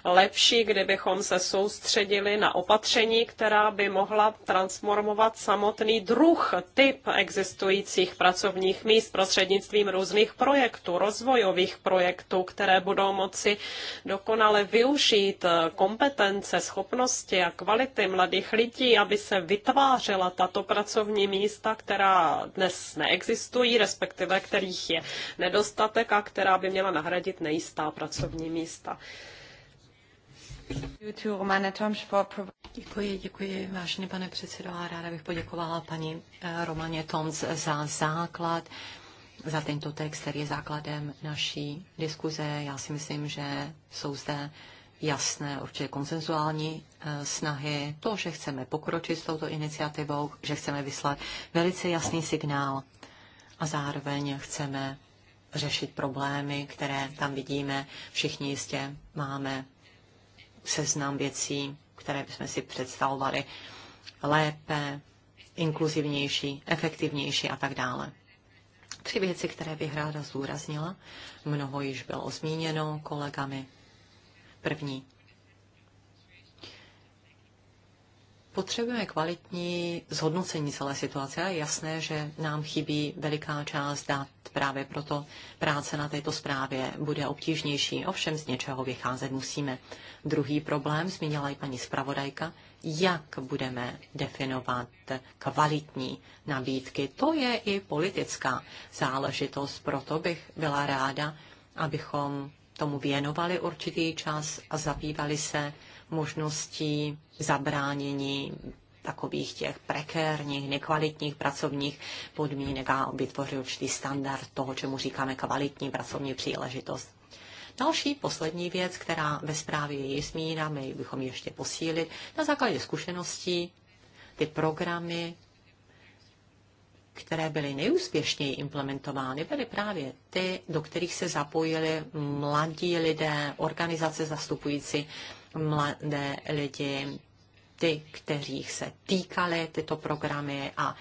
lepší, kdybychom se soustředili na opatření, která která by mohla transformovat samotný druh, typ existujících pracovních míst prostřednictvím různých projektů, rozvojových projektů, které budou moci dokonale využít eh, kompetence, schopnosti a kvality mladých lidí, aby se vytvářela tato pracovní místa, která dnes neexistují, respektive kterých je nedostatek a která by měla nahradit nejistá pracovní místa vážený pane předsedo, a ráda bych poděkovala paní eh, Romaně Toms za základ, za tento text, který je základem naší diskuze. Já si myslím, že jsou zde jasné, určitě konsenzuální eh, snahy, to, že chceme pokročit s touto iniciativou, že chceme vyslat velice jasný signál a zároveň chceme řešit problémy, které tam vidíme. Všichni jistě máme seznam věcí, které bychom si představovali lépe, inkluzivnější, efektivnější a tak dále. Tři věci, které bych ráda zdůraznila, mnoho již bylo zmíněno kolegami. První, Potřebujeme kvalitní zhodnocení celé situace. Je jasné, že nám chybí veliká část dat, právě proto práce na této zprávě bude obtížnější. Ovšem z něčeho vycházet musíme. Druhý problém, zmínila i paní zpravodajka, jak budeme definovat kvalitní nabídky. To je i politická záležitost, proto bych byla ráda, abychom tomu věnovali určitý čas a zabývali se možností zabránění takových těch prekérních, nekvalitních pracovních podmínek a vytvořil určitý standard toho, čemu říkáme kvalitní pracovní příležitost. Další, poslední věc, která ve zprávě je zmíněna, my bychom ještě posílit, na základě zkušeností ty programy, které byly nejúspěšněji implementovány, byly právě ty, do kterých se zapojili mladí lidé, organizace zastupující mladé lidi, ty, kterých se týkaly tyto programy a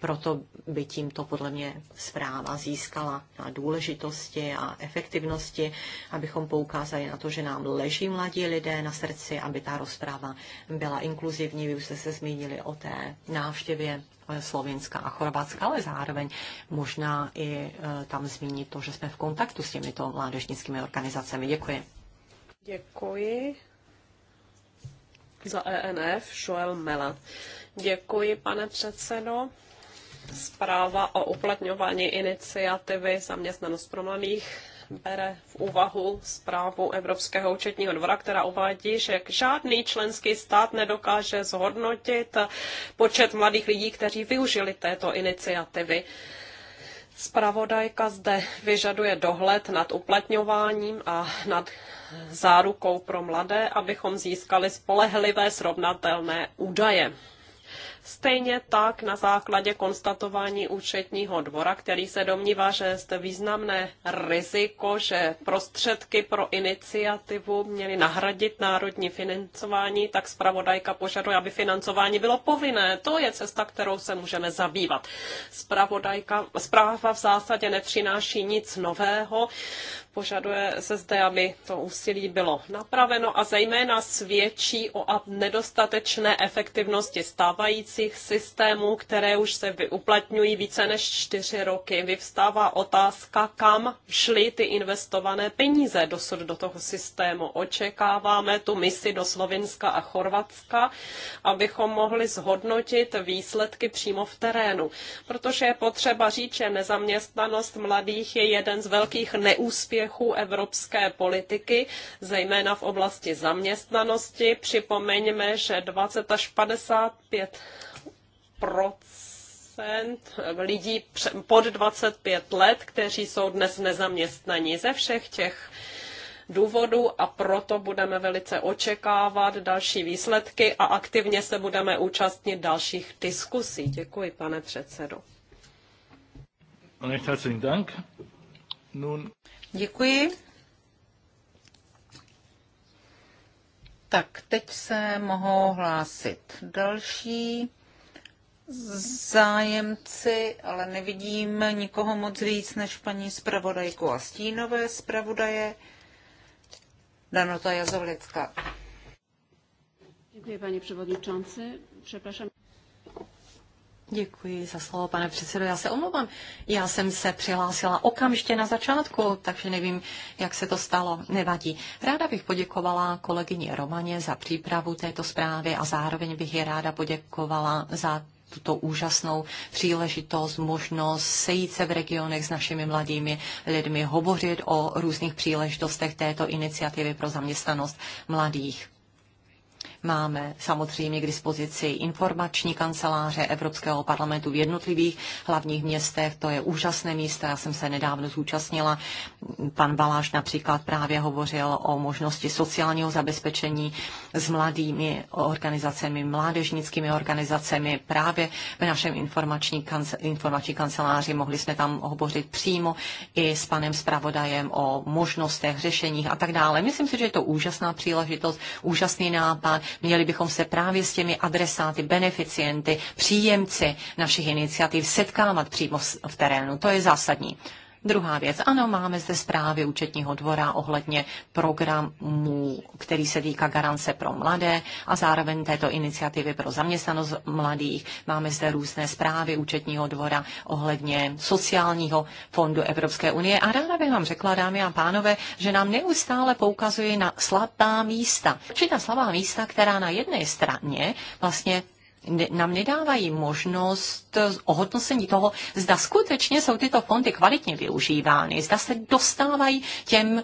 proto by tímto podle mě zpráva získala na důležitosti a efektivnosti, abychom poukázali na to, že nám leží mladí lidé na srdci, aby ta rozpráva byla inkluzivní. Vy už jste se zmínili o té návštěvě eh, Slovinska a Chorvatska, ale zároveň možná i eh, tam zmínit to, že jsme v kontaktu s těmito mládežnickými organizacemi. Děkuji. Děkuji. Za ENF Joel Mela. Děkuji, pane předsedo. Zpráva o uplatňování iniciativy Zaměstnanost pro mladých bere v úvahu zprávu Evropského účetního dvora, která uvádí, že žádný členský stát nedokáže zhodnotit počet mladých lidí, kteří využili této iniciativy. Spravodajka zde vyžaduje dohled nad uplatňováním a nad zárukou pro mladé, abychom získali spolehlivé srovnatelné údaje. Stejně tak na základě konstatování účetního dvora, který se domnívá, že je zde významné riziko, že prostředky pro iniciativu měly nahradit národní financování, tak zpravodajka požaduje, aby financování bylo povinné. To je cesta, kterou se můžeme zabývat. Zpravodajka, zpráva v zásadě nepřináší nic nového. Požaduje se zde, aby to úsilí bylo napraveno a zejména svědčí o nedostatečné efektivnosti stávající vzdělávacích systémů, které už se uplatňují více než čtyři roky. Vyvstává otázka, kam šly ty investované peníze dosud do toho systému. Očekáváme tu misi do Slovinska a Chorvatska, abychom mohli zhodnotit výsledky přímo v terénu. Protože je potřeba říct, že nezaměstnanost mladých je jeden z velkých neúspěchů evropské politiky, zejména v oblasti zaměstnanosti. Připomeňme, že 20 až 55 procent lidí pod 25 let, kteří jsou dnes nezaměstnaní ze všech těch důvodů a proto budeme velice očekávat další výsledky a aktivně se budeme účastnit dalších diskusí. Děkuji, pane předsedo. Děkuji. Tak, teď se mohou hlásit další zájemci, ale nevidím nikoho moc víc než paní zpravodajku a stínové zpravodaje Danota Jazovlická. Děkuji, paní předsedající. Přepraším. Děkuji za slovo, pane předsedo. Já se omlouvám. Já jsem se přihlásila okamžitě na začátku, takže nevím, jak se to stalo. Nevadí. Ráda bych poděkovala kolegyni Romaně za přípravu této zprávy a zároveň bych je ráda poděkovala za tuto úžasnou příležitost, možnost sejít se v regionech s našimi mladými lidmi, hovořit o různých příležitostech této iniciativy pro zaměstnanost mladých. Máme samozřejmě k dispozici informační kanceláře Evropského parlamentu v jednotlivých hlavních městech. To je úžasné místo. Já jsem se nedávno zúčastnila. Pan Baláš například právě hovořil o možnosti sociálního zabezpečení s mladými organizacemi, mládežnickými organizacemi právě v našem informační, kance, informační kanceláři. Mohli jsme tam hovořit přímo i s panem zpravodajem o možnostech, řešeních a tak dále. Myslím si, že je to úžasná příležitost, úžasný nápad. Měli bychom se právě s těmi adresáty, beneficienty, příjemci našich iniciativ setkávat přímo v terénu. To je zásadní. Druhá věc, ano, máme zde zprávy účetního dvora ohledně programu, který se týká garance pro mladé a zároveň této iniciativy pro zaměstnanost mladých. Máme zde různé zprávy účetního dvora ohledně sociálního fondu Evropské unie a ráda bych vám řekla, dámy a pánové, že nám neustále poukazuje na slabá místa. Či ta slabá místa, která na jedné straně vlastně nám nedávají možnost ohodnocení toho, zda skutečně jsou tyto fondy kvalitně využívány, zda se dostávají těm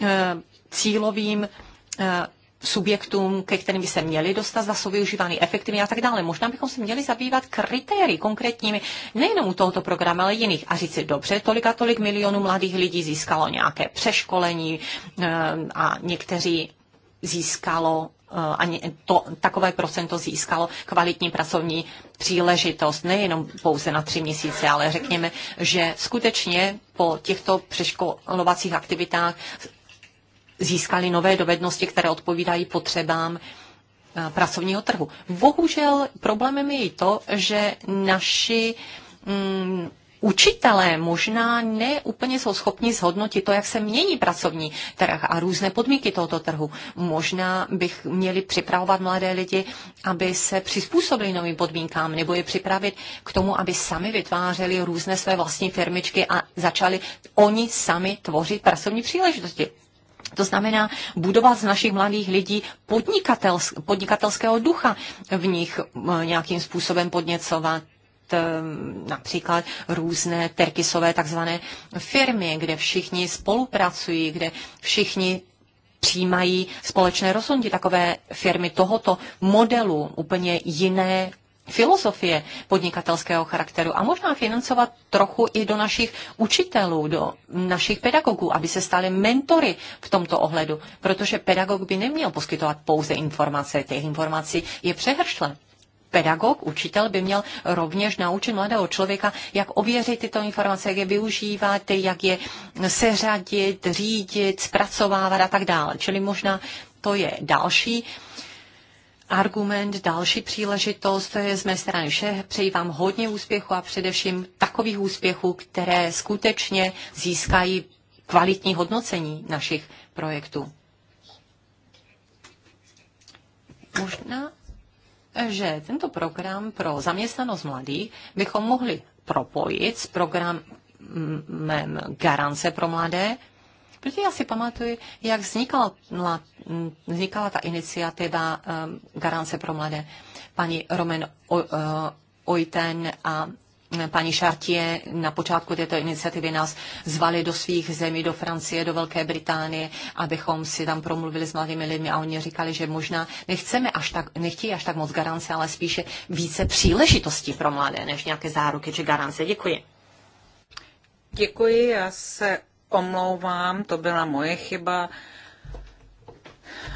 eh, cílovým eh, subjektům, ke kterým by se měli dostat, zda jsou využívány efektivně a tak dále. Možná bychom se měli zabývat kritérii konkrétními, nejenom u tohoto programu, ale jiných. A říct si, dobře, tolik a tolik milionů mladých lidí získalo nějaké přeškolení eh, a někteří získalo Eh, ani to, takové procento získalo kvalitní pracovní příležitost, nejenom pouze na tři měsíce, ale řekněme, že skutečně po těchto přeškolovacích aktivitách získali nové dovednosti, které odpovídají potřebám eh, pracovního trhu. Bohužel problémem je i to, že naši mm, učitelé možná ne úplně jsou schopni zhodnotit to, jak se mění pracovní trh a různé podmínky tohoto trhu. Možná bych měli připravovat mladé lidi, aby se přizpůsobili novým podmínkám nebo je připravit k tomu, aby sami vytvářeli různé své vlastní firmičky a začali oni sami tvořit pracovní příležitosti. To znamená budovat z našich mladých lidí podnikatelského ducha, v nich eh, nějakým způsobem podněcovat Eh, například různé terkisové takzvané firmy, kde všichni spolupracují, kde všichni přijímají společné rozhodnutí takové firmy tohoto modelu, úplně jiné filozofie podnikatelského charakteru a možná financovat trochu i do našich učitelů, do našich pedagogů, aby se stali mentory v tomto ohledu, protože pedagog by neměl poskytovat pouze informace, těch informací je přehršle pedagog, učitel by měl rovněž naučit mladého člověka, jak ověřit tyto informace, jak je využívat, jak je seřadit, řídit, zpracovávat a tak dále. Čili možná to je další argument, další příležitost, to je z mé strany vše. Přeji vám hodně úspěchu a především takových úspěchů, které skutečně získají kvalitní hodnocení našich projektů. Možná že tento program pro zaměstnanost mladých bychom mohli propojit s programem Garance pro mladé, Protože já si pamatuju, jak vznikala, vznikala ta iniciativa eh, Garance pro mladé. Paní Roman Ojten eh, a paní Šartie na počátku této iniciativy nás zvali do svých zemí, do Francie, do Velké Británie, abychom si tam promluvili s mladými lidmi a oni říkali, že možná nechceme až tak, nechtějí až tak moc garance, ale spíše více příležitostí pro mladé, než nějaké záruky či garance. Děkuji. Děkuji, já se omlouvám, to byla moje chyba.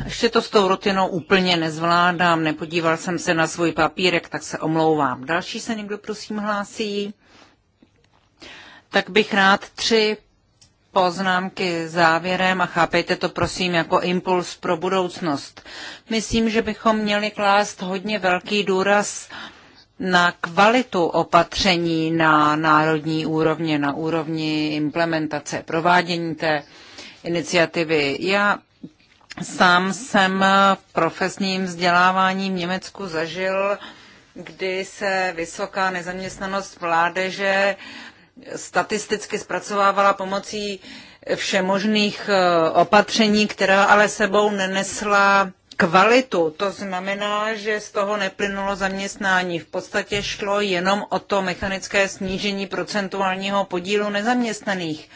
Ještě to s tou rutinou úplně nezvládám, nepodíval jsem se na svůj papírek, tak se omlouvám. Další se někdo prosím hlásí? Tak bych rád tři poznámky závěrem a chápejte to prosím jako impuls pro budoucnost. Myslím, že bychom měli klást hodně velký důraz na kvalitu opatření na národní úrovni, na úrovni implementace, provádění té iniciativy. Já Sám jsem v profesním vzdělávání v Německu zažil, kdy se vysoká nezaměstnanost vládeže statisticky zpracovávala pomocí všemožných eh, opatření, která ale sebou nenesla kvalitu. To znamená, že z toho neplynulo zaměstnání. V podstatě šlo jenom o to mechanické snížení procentuálního podílu nezaměstnaných.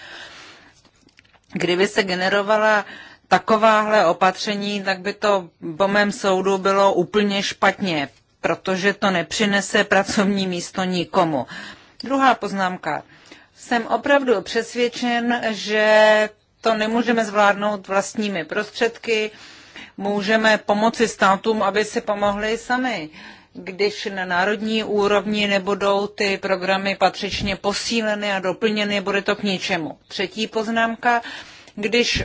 Kdyby se generovala takováhle opatření, tak by to po mém soudu bylo úplně špatně, protože to nepřinese pracovní místo nikomu. Druhá poznámka. Jsem opravdu přesvědčen, že to nemůžeme zvládnout vlastními prostředky, můžeme pomoci státům, aby si pomohli sami. Když na národní úrovni nebudou ty programy patřičně posíleny a doplněny, bude to k ničemu. Třetí poznámka, když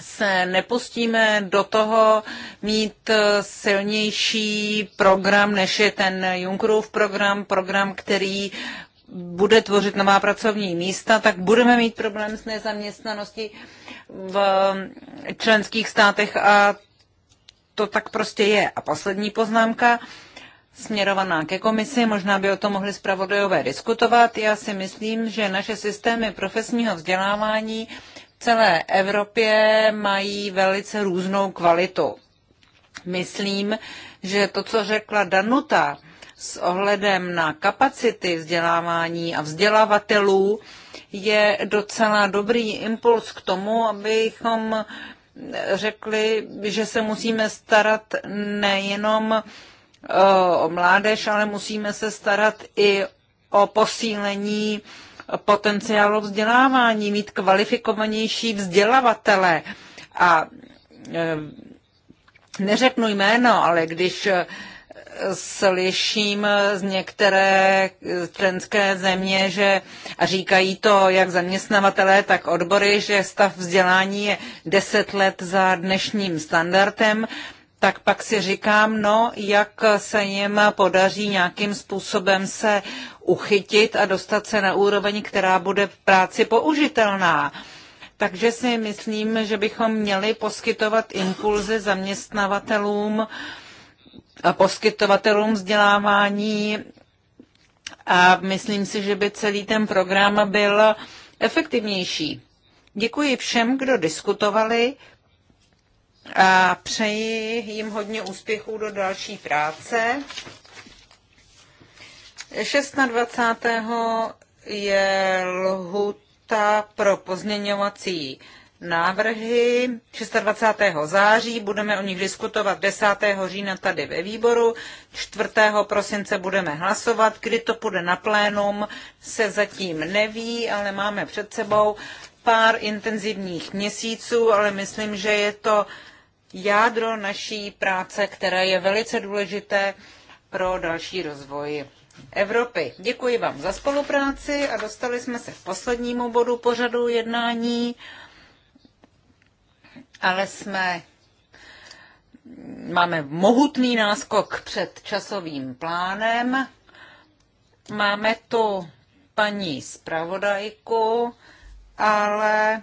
se nepustíme do toho mít silnější program, než je ten Junckerův program, program, který bude tvořit nová pracovní místa, tak budeme mít problém s nezaměstnaností v členských státech a to tak prostě je. A poslední poznámka směrovaná ke komisi, možná by o tom mohli zpravodajové diskutovat. Já si myslím, že naše systémy profesního vzdělávání celé Evropě mají velice různou kvalitu. Myslím, že to, co řekla Danuta s ohledem na kapacity vzdělávání a vzdělavatelů, je docela dobrý impuls k tomu, abychom řekli, že se musíme starat nejenom eh, o mládež, ale musíme se starat i o posílení uh, potenciálu vzdělávání, mít kvalifikovanější vzdělavatele. A e, neřeknu jméno, ale když e, slyším z některé členské země, že a říkají to jak zaměstnavatelé, tak odbory, že stav vzdělání je 10 let za dnešním standardem, tak pak si říkám, no, jak se jim podaří nějakým způsobem se uchytit a dostat se na úroveň, která bude v práci použitelná. Takže si myslím, že bychom měli poskytovat impulzy zaměstnavatelům a poskytovatelům vzdělávání a myslím si, že by celý ten program byl efektivnější. Děkuji všem, kdo diskutovali a přeji jim hodně úspěchů do další práce. 26. je lhuta pro pozměňovací návrhy. 26. září budeme o nich diskutovat 10. října tady ve výboru. 4. prosince budeme hlasovat. Kdy to půjde na plénum, se zatím neví, ale máme před sebou pár intenzivních měsíců, ale myslím, že je to jádro naší práce, které je velice důležité pro další rozvoj Evropy. Děkuji vám za spolupráci a dostali jsme se k poslednímu bodu pořadu jednání, ale jsme máme mohutný náskok před časovým plánem. Máme tu paní zpravodajku, ale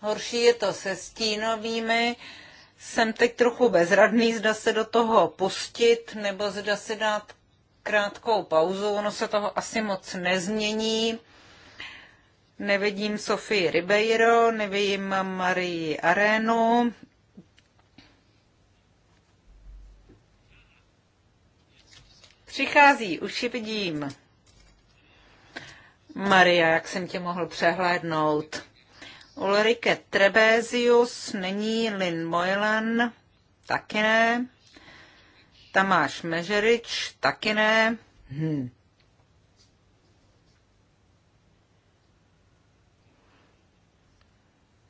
horší je to se stínovými. Jsem teď trochu bezradný, zda se do toho pustit, nebo zda se dát krátkou pauzu, ono se toho asi moc nezmění. Nevidím Sofii Ribeiro, nevidím Marii Arenu. Přichází, už ji vidím. Maria, jak jsem tě mohl přehlédnout. Ulrike Trebezius, není Lynn Moylan, taky ne. Tamáš Mežerič, taky ne. Hm.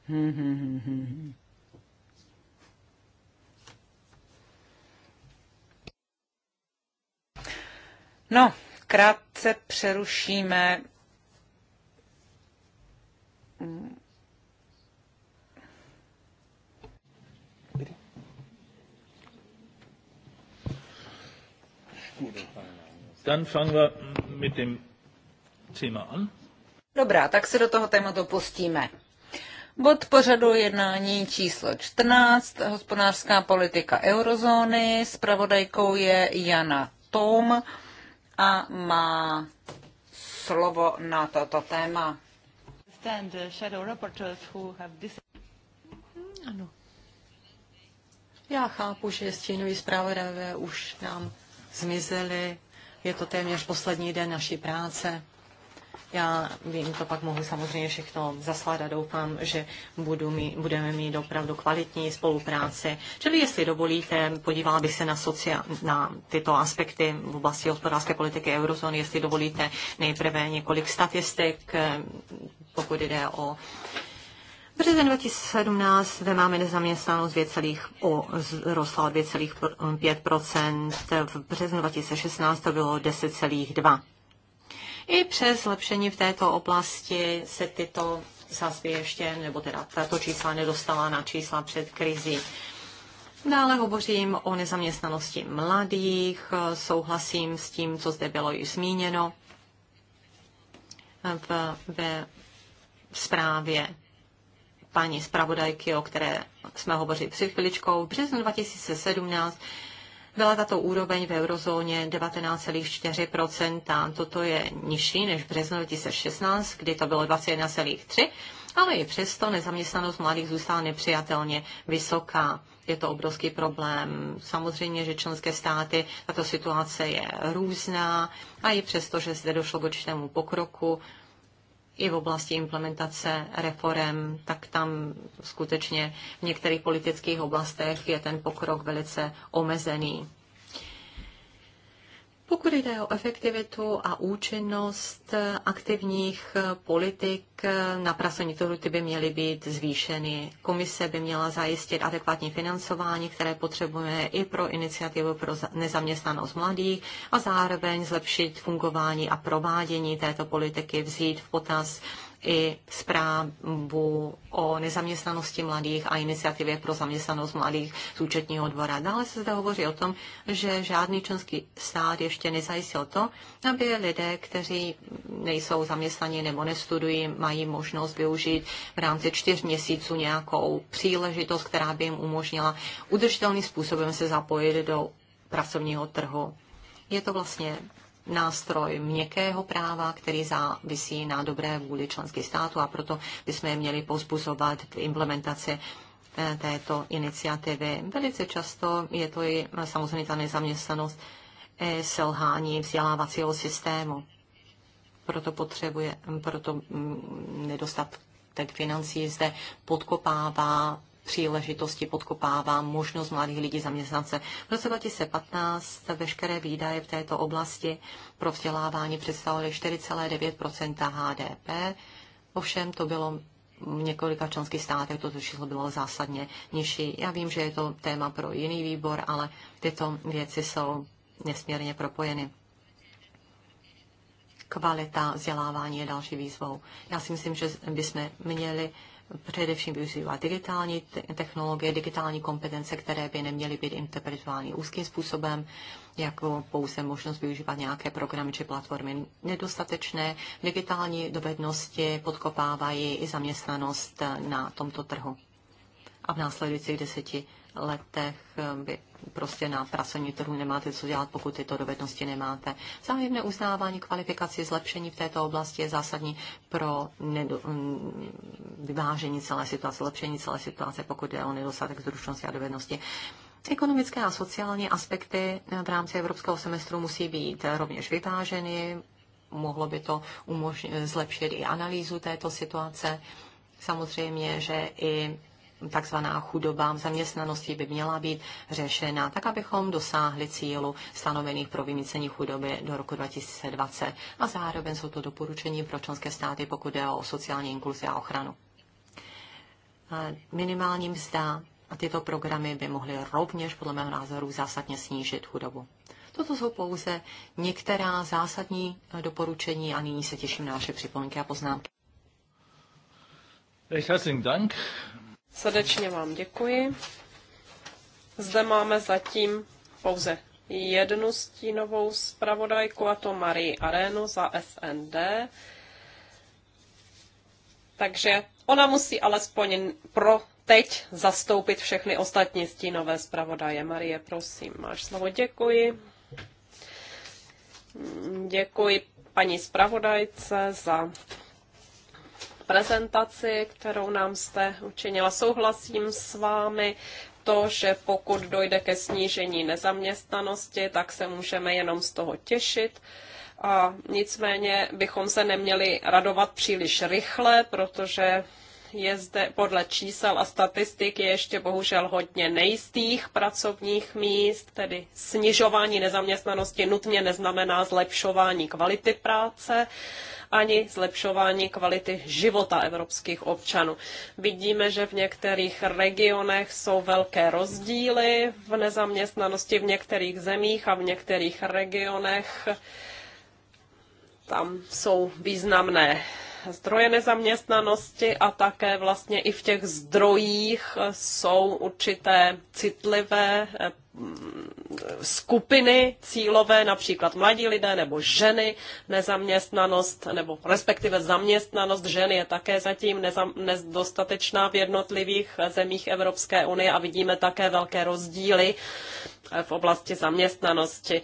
hm, hm, hm no, krátce přerušíme. Gut. Dann fangen wir mit dem Thema an. Dobrá, tak se do toho tématu pustíme. Bod pořadu jednání číslo 14, hospodářská politika eurozóny. Spravodajkou je Jana Tom a má slovo na toto téma. Ano. Já chápu, že stínoví zpravodajové už nám zmizely. Je to téměř poslední den naší práce. Já vím, to pak mohu samozřejmě všechno zaslat a doufám, že budu mít, budeme mít opravdu kvalitní spolupráci. Čili jestli dovolíte, podívala bych se na, socia- na tyto aspekty v oblasti hospodářské politiky eurozóny, jestli dovolíte nejprve několik statistik, eh, pokud jde o březen 2017 zde máme nezaměstnanost o, rostla o 2,5%, v březnu 2016 to bylo 10,2%. I přes zlepšení v této oblasti se tyto sazby ještě, nebo teda tato čísla nedostala na čísla před krizi. Dále hovořím o nezaměstnanosti mladých, souhlasím s tím, co zde bylo již zmíněno v, ve zprávě paní zpravodajky, o které jsme hovořili před chviličkou. V březnu 2017 byla tato úroveň v eurozóně 19,4%. Toto je nižší než v březnu 2016, kdy to bylo 21,3%, ale i přesto nezaměstnanost mladých zůstala nepřijatelně vysoká. Je to obrovský problém. Samozřejmě, že členské státy, tato situace je různá a i přesto, že zde došlo k určitému pokroku, i v oblasti implementace reform, tak tam skutečně v některých politických oblastech je ten pokrok velice omezený. Pokud jde o efektivitu a účinnost aktivních politik na pracovní trhu, ty by měly být zvýšeny. Komise by měla zajistit adekvátní financování, které potřebuje i pro iniciativu pro nezaměstnanost mladých a zároveň zlepšit fungování a provádění této politiky, vzít v potaz i zprávu o nezaměstnanosti mladých a iniciativě pro zaměstnanost mladých z účetního dvora. Dále se zde hovoří o tom, že žádný členský stát ještě nezajistil to, aby lidé, kteří nejsou zaměstnaní nebo nestudují, mají možnost využít v rámci čtyř měsíců nějakou příležitost, která by jim umožnila udržitelným způsobem se zapojit do pracovního trhu. Je to vlastně nástroj měkkého práva, který závisí na dobré vůli členských států a proto bychom je měli pozbuzovat k implementaci eh, této iniciativy. Velice často je to i eh, samozřejmě ta nezaměstnanost eh, selhání vzdělávacího systému. Proto potřebuje, mm, proto mm, nedostat tak financí zde podkopává příležitosti podkopává možnost mladých lidí zaměstnat se. V roce 2015 veškeré výdaje v této oblasti pro vzdělávání představovaly 4,9 HDP. Ovšem to bylo v několika členských státech toto číslo bylo zásadně nižší. Já vím, že je to téma pro jiný výbor, ale tyto věci jsou nesmírně propojeny. Kvalita vzdělávání je další výzvou. Já si myslím, že bychom měli především využívá digitální technologie, digitální kompetence, které by neměly být interpretovány úzkým způsobem, jako pouze možnost využívat nějaké programy či platformy. Nedostatečné digitální dovednosti podkopávají i zaměstnanost na tomto trhu. A v následujících deseti letech eh, by prostě na pracovní trhu nemáte co dělat, pokud tyto dovednosti nemáte. Zájemné uznávání kvalifikaci, zlepšení v této oblasti je zásadní pro nedo, mm, vyvážení celé situace, zlepšení celé situace, pokud je o nedostatek zručnosti a dovednosti. Ekonomické a sociální aspekty eh, v rámci evropského semestru musí být eh, rovněž vyváženy. Mohlo by to umožnit, zlepšit i analýzu této situace. Samozřejmě, že i takzvaná chudoba v zaměstnanosti by měla být řešena, tak abychom dosáhli cílu stanovených pro vymícení chudoby do roku 2020. A zároveň jsou to doporučení pro členské státy, pokud jde o sociální inkluzi a ochranu. Minimální mzda a tyto programy by mohly rovněž, podle mého názoru, zásadně snížit chudobu. Toto jsou pouze některá zásadní eh, doporučení a nyní se těším na vaše připomínky a poznámky. Recht herzlichen Dank. Srdečně vám děkuji. Zde máme zatím pouze jednu stínovou zpravodajku, a to Marie Arenu za SND. Takže ona musí alespoň pro teď zastoupit všechny ostatní stínové zpravodaje. Marie, prosím, máš slovo. Děkuji. Děkuji paní zpravodajce za prezentaci, kterou nám jste učinila. Souhlasím s vámi to, že pokud dojde ke snížení nezaměstnanosti, tak se můžeme jenom z toho těšit. A nicméně bychom se neměli radovat příliš rychle, protože je zde podle čísel a statistik je ještě bohužel hodně nejistých pracovních míst, tedy snižování nezaměstnanosti nutně neznamená zlepšování kvality práce ani zlepšování kvality života evropských občanů. Vidíme, že v některých regionech jsou velké rozdíly v nezaměstnanosti v některých zemích a v některých regionech tam jsou významné zdroje nezaměstnanosti a také vlastně i v těch zdrojích jsou určité citlivé eh, mm, skupiny cílové, například mladí lidé nebo ženy, nezaměstnanost nebo respektive zaměstnanost ženy je také zatím nedostatečná v jednotlivých zemích Evropské unie a vidíme také velké rozdíly eh, v oblasti zaměstnanosti.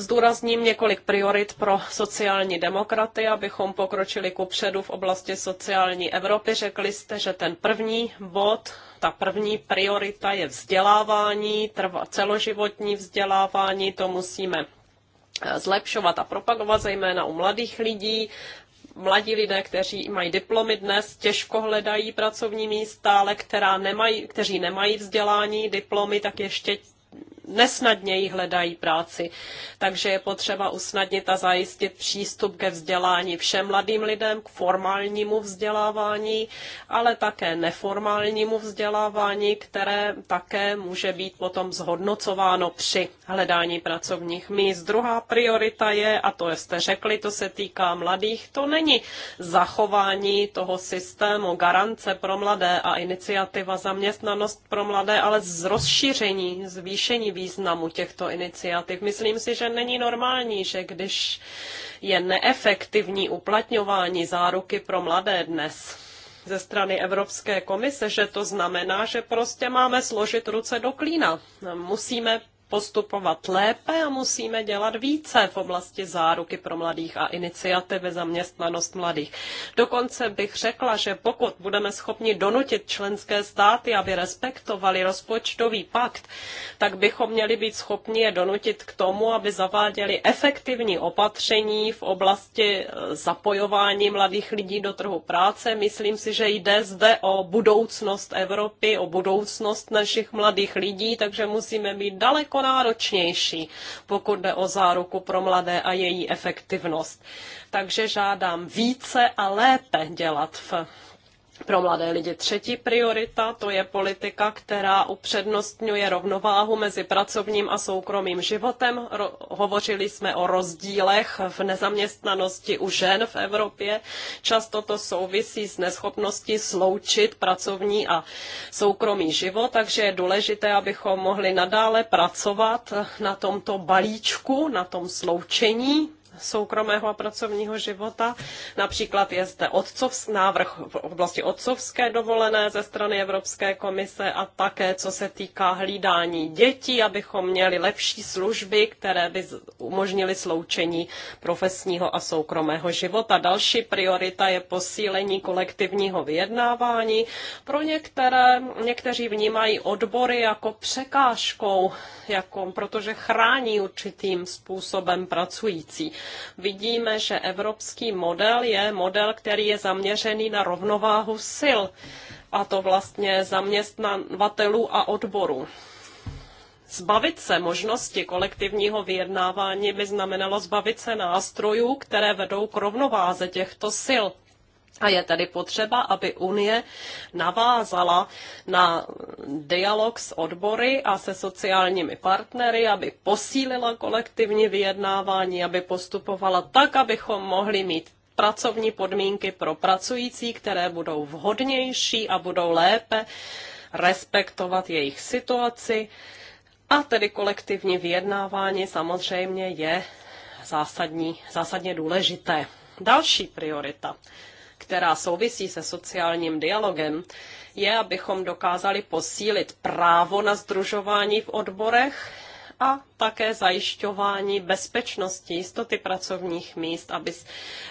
Zdůrazním několik priorit pro sociální demokraty, abychom pokročili ku předu v oblasti sociální Evropy. Řekli jste, že ten první bod, ta první priorita je vzdělávání, celoživotní vzdělávání, to musíme eh, zlepšovat a propagovat, zejména u mladých lidí. Mladí lidé, kteří mají diplomy dnes, těžko hledají pracovní místa, ale která nemají, kteří nemají vzdělání, diplomy, tak ještě nesnadněji hledají práci. Takže je potřeba usnadnit a zajistit přístup ke vzdělání všem mladým lidem, k formálnímu vzdělávání, ale také neformálnímu vzdělávání, které také může být potom zhodnocováno při hledání pracovních míst. Druhá priorita je, a to jste řekli, to se týká mladých, to není zachování toho systému garance pro mladé a iniciativa zaměstnanost pro mladé, ale z rozšíření, zvýšení významu těchto iniciativ. Myslím si, že není normální, že když je neefektivní uplatňování záruky pro mladé dnes, ze strany Evropské komise, že to znamená, že prostě máme složit ruce do klína. Musíme postupovat lépe a musíme dělat více v oblasti záruky pro mladých a iniciativy zaměstnanost mladých. Dokonce bych řekla, že pokud budeme schopni donutit členské státy, aby respektovali rozpočtový pakt, tak bychom měli být schopni je donutit k tomu, aby zaváděli efektivní opatření v oblasti eh, zapojování mladých lidí do trhu práce. Myslím si, že jde zde o budoucnost Evropy, o budoucnost našich mladých lidí, takže musíme být daleko náročnější, pokud jde o záruku pro mladé a její efektivnost. Takže žádám více a lépe dělat v pro mladé lidi třetí priorita to je politika, která upřednostňuje rovnováhu mezi pracovním a soukromým životem. Ro- hovořili jsme o rozdílech v nezaměstnanosti u žen v Evropě. Často to souvisí s neschopností sloučit pracovní a soukromý život, takže je důležité, abychom mohli nadále pracovat na tomto balíčku, na tom sloučení soukromého a pracovního života. Například je zde otcovs, návrh v oblasti otcovské dovolené ze strany Evropské komise a také co se týká hlídání dětí, abychom měli lepší služby, které by umožnily sloučení profesního a soukromého života. Další priorita je posílení kolektivního vyjednávání. Pro některé, někteří vnímají odbory jako překážkou, jako, protože chrání určitým způsobem pracující vidíme, že evropský model je model, který je zaměřený na rovnováhu sil, a to vlastně zaměstnavatelů a odborů. Zbavit se možnosti kolektivního vyjednávání by znamenalo zbavit se nástrojů, které vedou k rovnováze těchto sil. A je tedy potřeba, aby Unie navázala na dialog s odbory a se sociálními partnery, aby posílila kolektivní vyjednávání, aby postupovala tak, abychom mohli mít pracovní podmínky pro pracující, které budou vhodnější a budou lépe respektovat jejich situaci. A tedy kolektivní vyjednávání samozřejmě je zásadní, zásadně důležité. Další priorita která souvisí se sociálním dialogem, je, abychom dokázali posílit právo na združování v odborech a také zajišťování bezpečnosti, jistoty pracovních míst, aby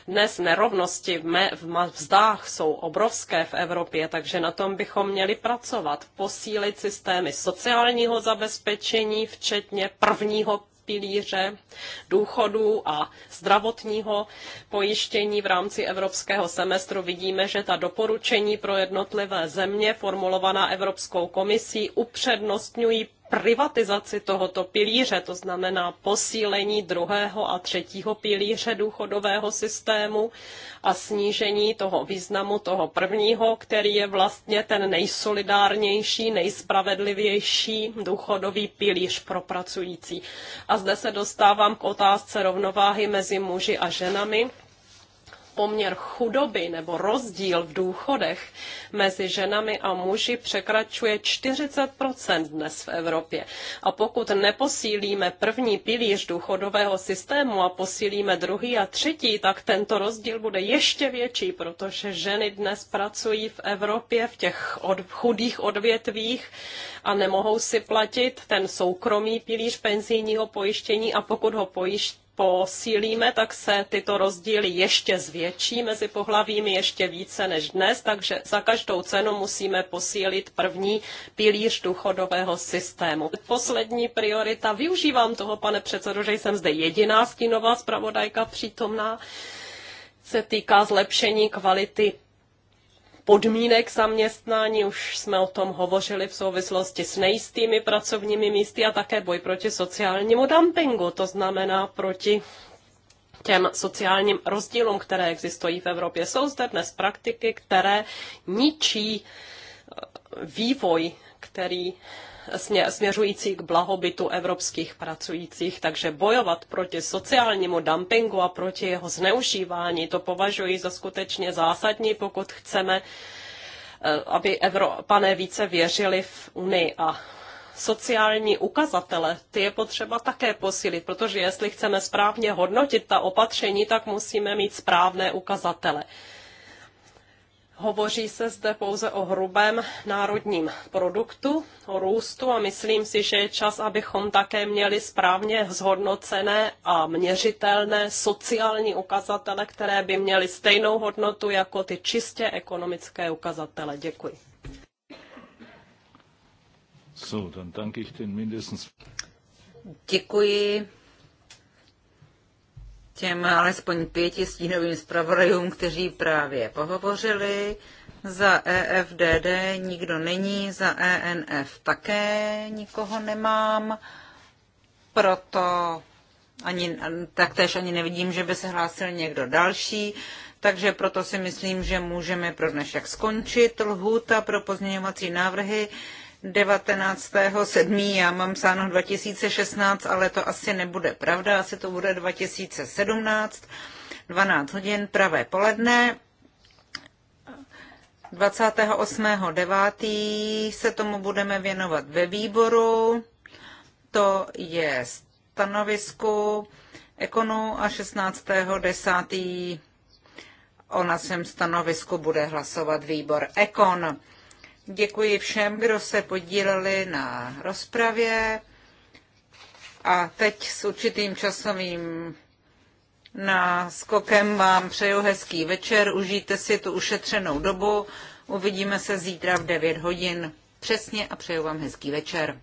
dnes nerovnosti v, me, v mzdách jsou obrovské v Evropě, takže na tom bychom měli pracovat, posílit systémy sociálního zabezpečení, včetně prvního pilíře důchodů a zdravotního pojištění v rámci evropského semestru vidíme, že ta doporučení pro jednotlivé země formulovaná Evropskou komisí upřednostňují privatizaci tohoto pilíře, to znamená posílení druhého a třetího pilíře důchodového systému a snížení toho významu toho prvního, který je vlastně ten nejsolidárnější, nejspravedlivější důchodový pilíř pro pracující. A zde se dostávám k otázce rovnováhy mezi muži a ženami poměr chudoby nebo rozdíl v důchodech mezi ženami a muži překračuje 40 dnes v Evropě. A pokud neposílíme první pilíř důchodového systému a posílíme druhý a třetí, tak tento rozdíl bude ještě větší, protože ženy dnes pracují v Evropě v těch od, chudých odvětvích a nemohou si platit ten soukromý pilíř penzijního pojištění a pokud ho pojišť posílíme, tak se tyto rozdíly ještě zvětší mezi pohlavími ještě více než dnes, takže za každou cenu musíme posílit první pilíř důchodového systému. Poslední priorita, využívám toho, pane předsedo, že jsem zde jediná stínová zpravodajka přítomná, se týká zlepšení kvality podmínek zaměstnání, už jsme o tom hovořili v souvislosti s nejistými pracovními místy a také boj proti sociálnímu dumpingu, to znamená proti těm sociálním rozdílům, které existují v Evropě. Jsou zde dnes praktiky, které ničí eh, vývoj, který směřující k blahobytu evropských pracujících, takže bojovat proti sociálnímu dumpingu a proti jeho zneužívání, to považuji za skutečně zásadní, pokud chceme, eh, aby Evropané více věřili v Unii a sociální ukazatele, ty je potřeba také posílit, protože jestli chceme správně hodnotit ta opatření, tak musíme mít správné ukazatele. Hovoří se zde pouze o hrubém národním produktu, o růstu a myslím si, že je čas, abychom také měli správně zhodnocené a měřitelné sociální ukazatele, které by měly stejnou hodnotu jako ty čistě ekonomické ukazatele. Děkuji. So, dann danke ich den mindestens. Děkuji těm alespoň pěti stínovým zpravodajům, kteří právě pohovořili. Za EFDD nikdo není, za ENF také nikoho nemám, proto ani, taktéž ani nevidím, že by se hlásil někdo další, takže proto si myslím, že můžeme pro dnešek skončit. Lhůta pro pozměňovací návrhy 19.7. Já mám sáno 2016, ale to asi nebude pravda, asi to bude 2017, 12 hodin, pravé poledne. 28.9. se tomu budeme věnovat ve výboru. To je stanovisku ekonu a 16.10. o našem stanovisku bude hlasovat výbor ekon. Děkuji všem, kdo se podíleli na rozpravě. A teď s určitým časovým náskokem vám přeju hezký večer, užijte si tu ušetřenou dobu, uvidíme se zítra v 9 hodin přesně a přeju vám hezký večer.